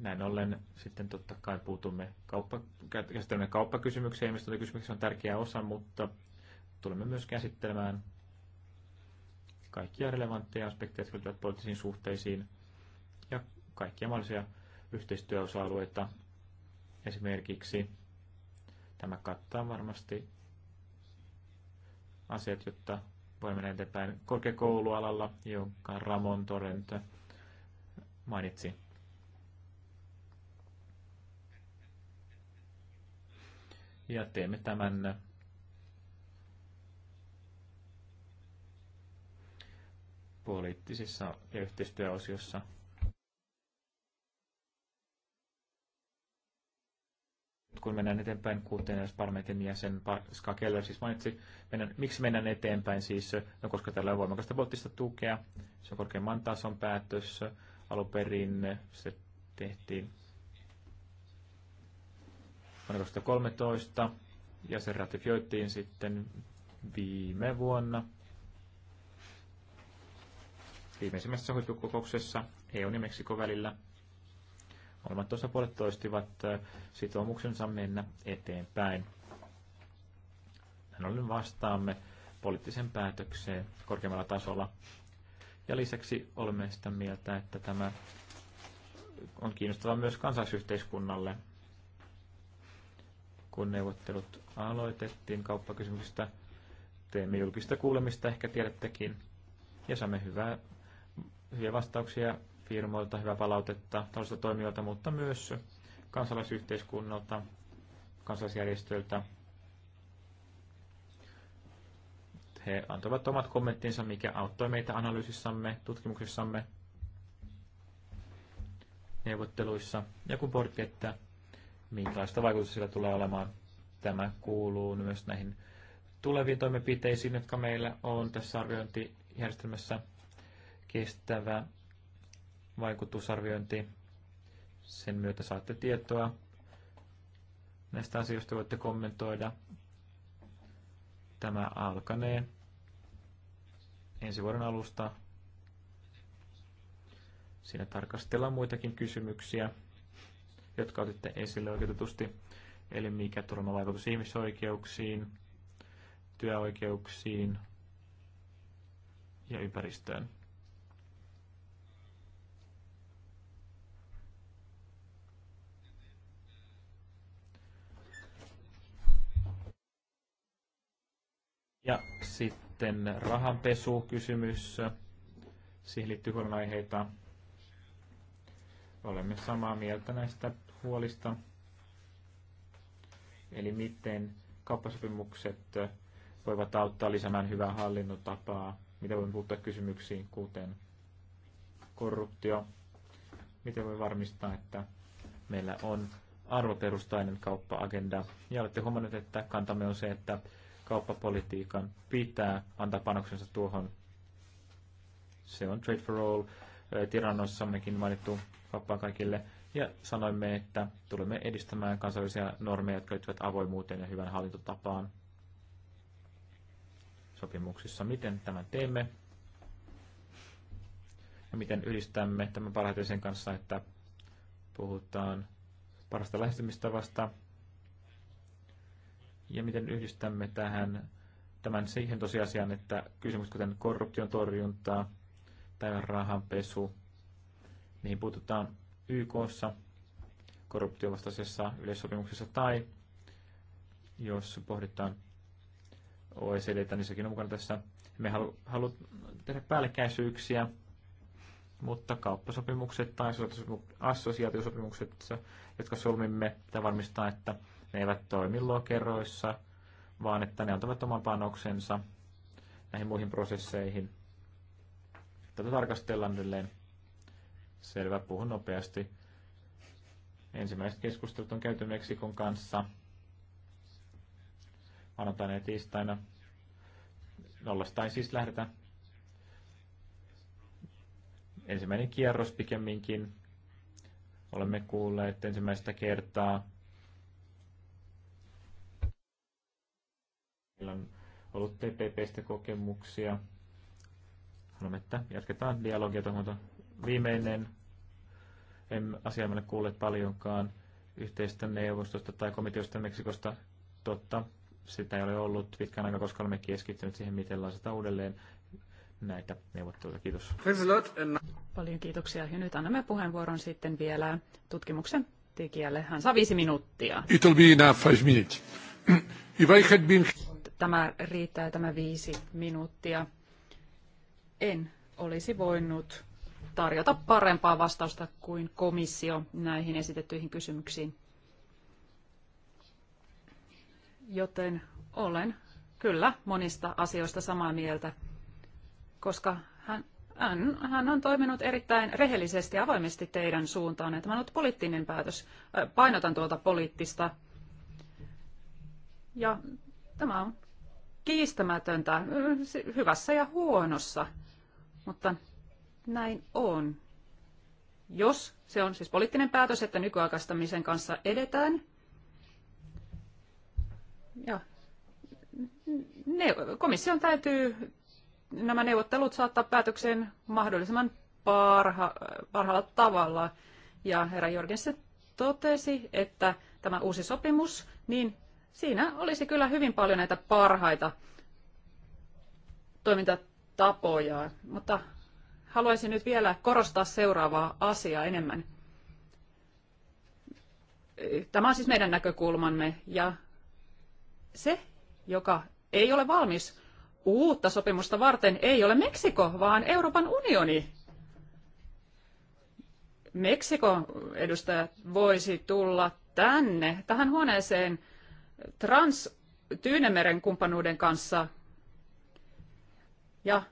Näin ollen sitten totta kai puutumme kauppa, käsittelemme kauppakysymyksiä, kysymyksessä on tärkeä osa, mutta tulemme myös käsittelemään kaikkia relevantteja aspekteja, jotka liittyvät poliittisiin suhteisiin ja kaikkia mahdollisia yhteistyöosa-alueita, esimerkiksi Tämä kattaa varmasti asiat, jotta voi mennä eteenpäin korkeakoulualalla, jonka Ramon Torrente mainitsi. Ja teemme tämän poliittisissa ja yhteistyöosiossa kun mennään eteenpäin, kuten edes parlamentin jäsen Ska Keller siis mainitsi, mennään, miksi mennään eteenpäin siis, no koska tällä on voimakasta bottista tukea, se on korkeimman tason päätös, perin se tehtiin vuonna 2013, ja se ratifioitiin sitten viime vuonna viimeisimmässä huippukokouksessa EU ja Meksikon välillä – Molemmat osapuolet toistivat äh, sitoumuksensa mennä eteenpäin. Näin ollen vastaamme poliittisen päätökseen korkeammalla tasolla. Ja lisäksi olemme sitä mieltä, että tämä on kiinnostava myös kansaisyhteiskunnalle. Kun neuvottelut aloitettiin kauppakysymyksistä, teemme julkista kuulemista, ehkä tiedättekin, ja saamme hyvää, hyviä vastauksia firmoilta hyvää palautetta, toisilta toimijoilta, mutta myös kansalaisyhteiskunnalta, kansalaisjärjestöiltä. He antoivat omat kommenttinsa, mikä auttoi meitä analyysissamme, tutkimuksissamme, neuvotteluissa. Ja kun pohdittiin, että minkälaista vaikutusta sillä tulee olemaan, tämä kuuluu myös näihin tuleviin toimenpiteisiin, jotka meillä on tässä arviointijärjestelmässä kestävä vaikutusarviointi. Sen myötä saatte tietoa näistä asioista, voitte kommentoida. Tämä alkanee ensi vuoden alusta. Siinä tarkastellaan muitakin kysymyksiä, jotka otitte esille oikeutetusti. Eli mikä turma vaikutus ihmisoikeuksiin, työoikeuksiin ja ympäristöön. Ja sitten kysymys. Siihen liittyy huolenaiheita. Olemme samaa mieltä näistä huolista. Eli miten kauppasopimukset voivat auttaa lisäämään hyvää hallinnotapaa, miten voimme puuttua kysymyksiin, kuten korruptio, miten voi varmistaa, että meillä on arvoperustainen kauppa-agenda. Ja olette huomanneet, että kantamme on se, että kauppapolitiikan pitää antaa panoksensa tuohon. Se on Trade for All, eh, tirannossammekin mainittu vapaa kaikille. Ja sanoimme, että tulemme edistämään kansallisia normeja, jotka liittyvät avoimuuteen ja hyvän hallintotapaan sopimuksissa. Miten tämän teemme? Ja miten yhdistämme tämän parhaiten sen kanssa, että puhutaan parasta lähestymistavasta, ja miten yhdistämme tähän tämän siihen tosiasiaan, että kysymykset kuten korruption torjuntaa tai rahanpesu, niihin puututaan YKssa korruptiovastaisessa yleissopimuksessa tai jos pohditaan OECD, niin sekin on mukana tässä. Me halu, halu tehdä päällekkäisyyksiä, mutta kauppasopimukset tai assosiaatiosopimukset, jotka solmimme, pitää varmistaa, että ne eivät toimi lokeroissa, vaan että ne antavat oman panoksensa näihin muihin prosesseihin. Tätä tarkastellaan edelleen. Selvä, puhun nopeasti. Ensimmäiset keskustelut on käyty Meksikon kanssa maanantaina ja tiistaina. ei siis lähdetä. Ensimmäinen kierros pikemminkin. Olemme kuulleet ensimmäistä kertaa Meillä on ollut TPPstä kokemuksia. Haluamme, että jatketaan dialogia tuohon viimeinen. En asiaa ole paljonkaan yhteistä neuvostosta tai komiteosta Meksikosta. Totta, sitä ei ole ollut pitkään aikaa, koska olemme keskittyneet siihen, miten laisata uudelleen näitä neuvotteluita. Kiitos. Paljon kiitoksia. Ja nyt annamme puheenvuoron sitten vielä tutkimuksen tekijälle. Hän saa viisi minuuttia. It'll be enough, five minutes. If I had been tämä riittää tämä viisi minuuttia. En olisi voinut tarjota parempaa vastausta kuin komissio näihin esitettyihin kysymyksiin. Joten olen kyllä monista asioista samaa mieltä, koska hän, hän, hän on toiminut erittäin rehellisesti ja avoimesti teidän suuntaan. Tämä on ollut poliittinen päätös. Äh, painotan tuolta poliittista. Ja tämä on kiistämätöntä hyvässä ja huonossa, mutta näin on. Jos se on siis poliittinen päätös, että nykyaikaistamisen kanssa edetään, ja ne, komission täytyy nämä neuvottelut saattaa päätökseen mahdollisimman parha, parhaalla tavalla. Ja herra Jorgensen totesi, että tämä uusi sopimus niin siinä olisi kyllä hyvin paljon näitä parhaita toimintatapoja, mutta haluaisin nyt vielä korostaa seuraavaa asiaa enemmän. Tämä on siis meidän näkökulmamme ja se, joka ei ole valmis uutta sopimusta varten, ei ole Meksiko, vaan Euroopan unioni. Meksiko edustajat voisi tulla tänne, tähän huoneeseen – Trans-Tyynemeren kumppanuuden kanssa. Ja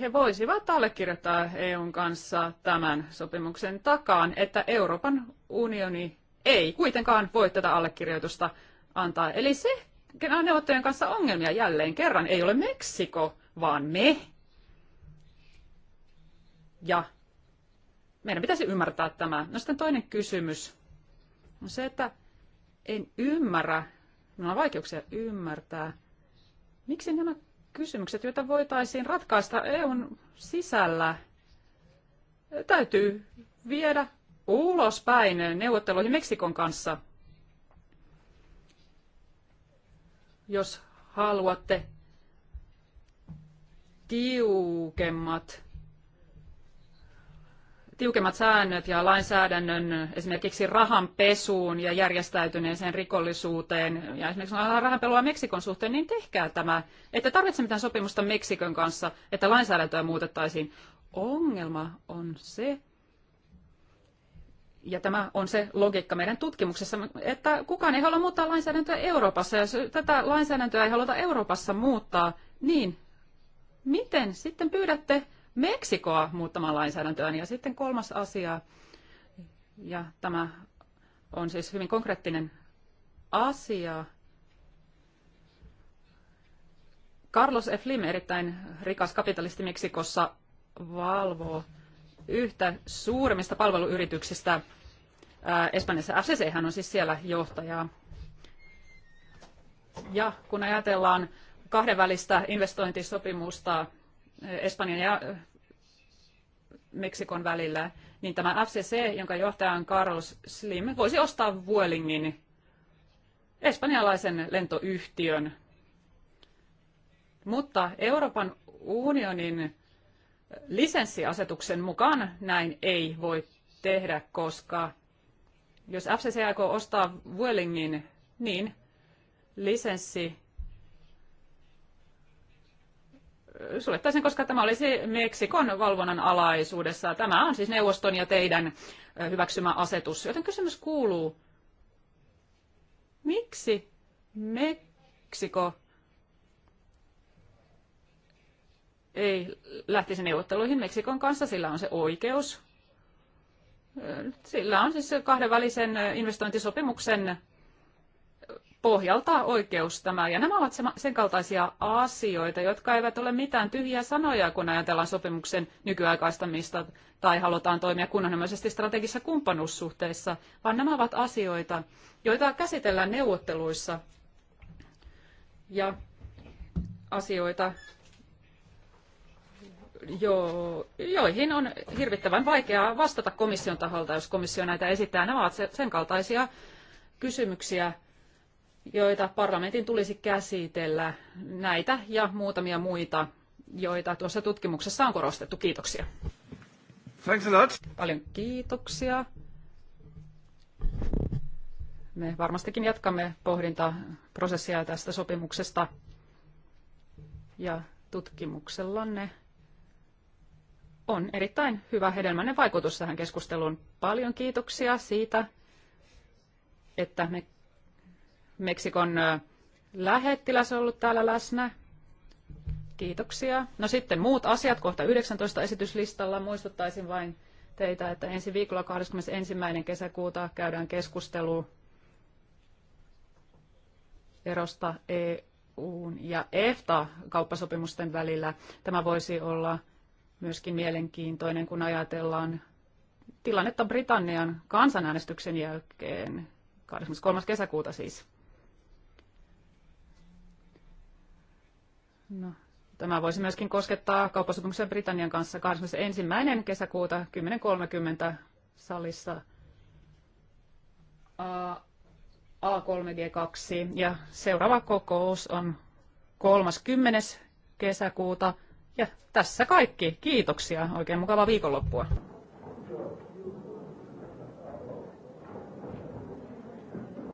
he voisivat allekirjoittaa EUn kanssa tämän sopimuksen takaan, että Euroopan unioni ei kuitenkaan voi tätä allekirjoitusta antaa. Eli se, kenellä on neuvottelujen kanssa ongelmia jälleen kerran, ei ole Meksiko, vaan me. Ja meidän pitäisi ymmärtää tämä. No sitten toinen kysymys on se, että en ymmärrä, minulla on vaikeuksia ymmärtää, miksi nämä kysymykset, joita voitaisiin ratkaista EUn sisällä, täytyy viedä ulospäin neuvotteluihin Meksikon kanssa. Jos haluatte tiukemmat tiukemmat säännöt ja lainsäädännön esimerkiksi rahanpesuun ja järjestäytyneeseen rikollisuuteen ja esimerkiksi rahanpelua Meksikon suhteen, niin tehkää tämä. Että tarvitse mitään sopimusta Meksikon kanssa, että lainsäädäntöä muutettaisiin. Ongelma on se, ja tämä on se logiikka meidän tutkimuksessa, että kukaan ei halua muuttaa lainsäädäntöä Euroopassa. Jos tätä lainsäädäntöä ei haluta Euroopassa muuttaa, niin miten sitten pyydätte Meksikoa muuttamaan lainsäädäntöön. Ja sitten kolmas asia, ja tämä on siis hyvin konkreettinen asia. Carlos F. Lim, erittäin rikas kapitalisti Meksikossa, valvoo yhtä suurimmista palveluyrityksistä Espanjassa. FCC hän on siis siellä johtaja. Ja kun ajatellaan kahdenvälistä investointisopimusta Espanjan ja Meksikon välillä, niin tämä FCC, jonka johtaja on Carlos Slim, voisi ostaa Vuelingin espanjalaisen lentoyhtiön. Mutta Euroopan unionin lisenssiasetuksen mukaan näin ei voi tehdä, koska jos FCC aikoo ostaa Vuelingin, niin lisenssi suljettaisiin, koska tämä olisi Meksikon valvonnan alaisuudessa. Tämä on siis neuvoston ja teidän hyväksymä asetus. Joten kysymys kuuluu, miksi Meksiko ei lähtisi neuvotteluihin Meksikon kanssa, sillä on se oikeus. Sillä on siis kahdenvälisen investointisopimuksen pohjalta oikeus tämä. Ja nämä ovat sen kaltaisia asioita, jotka eivät ole mitään tyhjiä sanoja, kun ajatellaan sopimuksen nykyaikaistamista tai halutaan toimia kunnonomaisesti strategisissa kumppanuussuhteissa, vaan nämä ovat asioita, joita käsitellään neuvotteluissa ja asioita, jo, joihin on hirvittävän vaikeaa vastata komission taholta, jos komissio näitä esittää. Nämä ovat sen kaltaisia kysymyksiä, joita parlamentin tulisi käsitellä, näitä ja muutamia muita, joita tuossa tutkimuksessa on korostettu. Kiitoksia. Thanks a lot. Paljon kiitoksia. Me varmastikin jatkamme pohdintaprosessia tästä sopimuksesta ja tutkimuksellanne on erittäin hyvä hedelmäinen vaikutus tähän keskusteluun. Paljon kiitoksia siitä, että me Meksikon lähettiläs ollut täällä läsnä. Kiitoksia. No sitten muut asiat kohta 19 esityslistalla. Muistuttaisin vain teitä, että ensi viikolla 21. kesäkuuta käydään keskustelu erosta EUn ja EFTA-kauppasopimusten välillä. Tämä voisi olla myöskin mielenkiintoinen, kun ajatellaan tilannetta Britannian kansanäänestyksen jälkeen, 23. kesäkuuta siis. No, tämä voisi myöskin koskettaa kauppasopimuksen Britannian kanssa 21. kesäkuuta 10.30 salissa A3G2 ja seuraava kokous on 30. kesäkuuta ja tässä kaikki. Kiitoksia. Oikein mukavaa viikonloppua.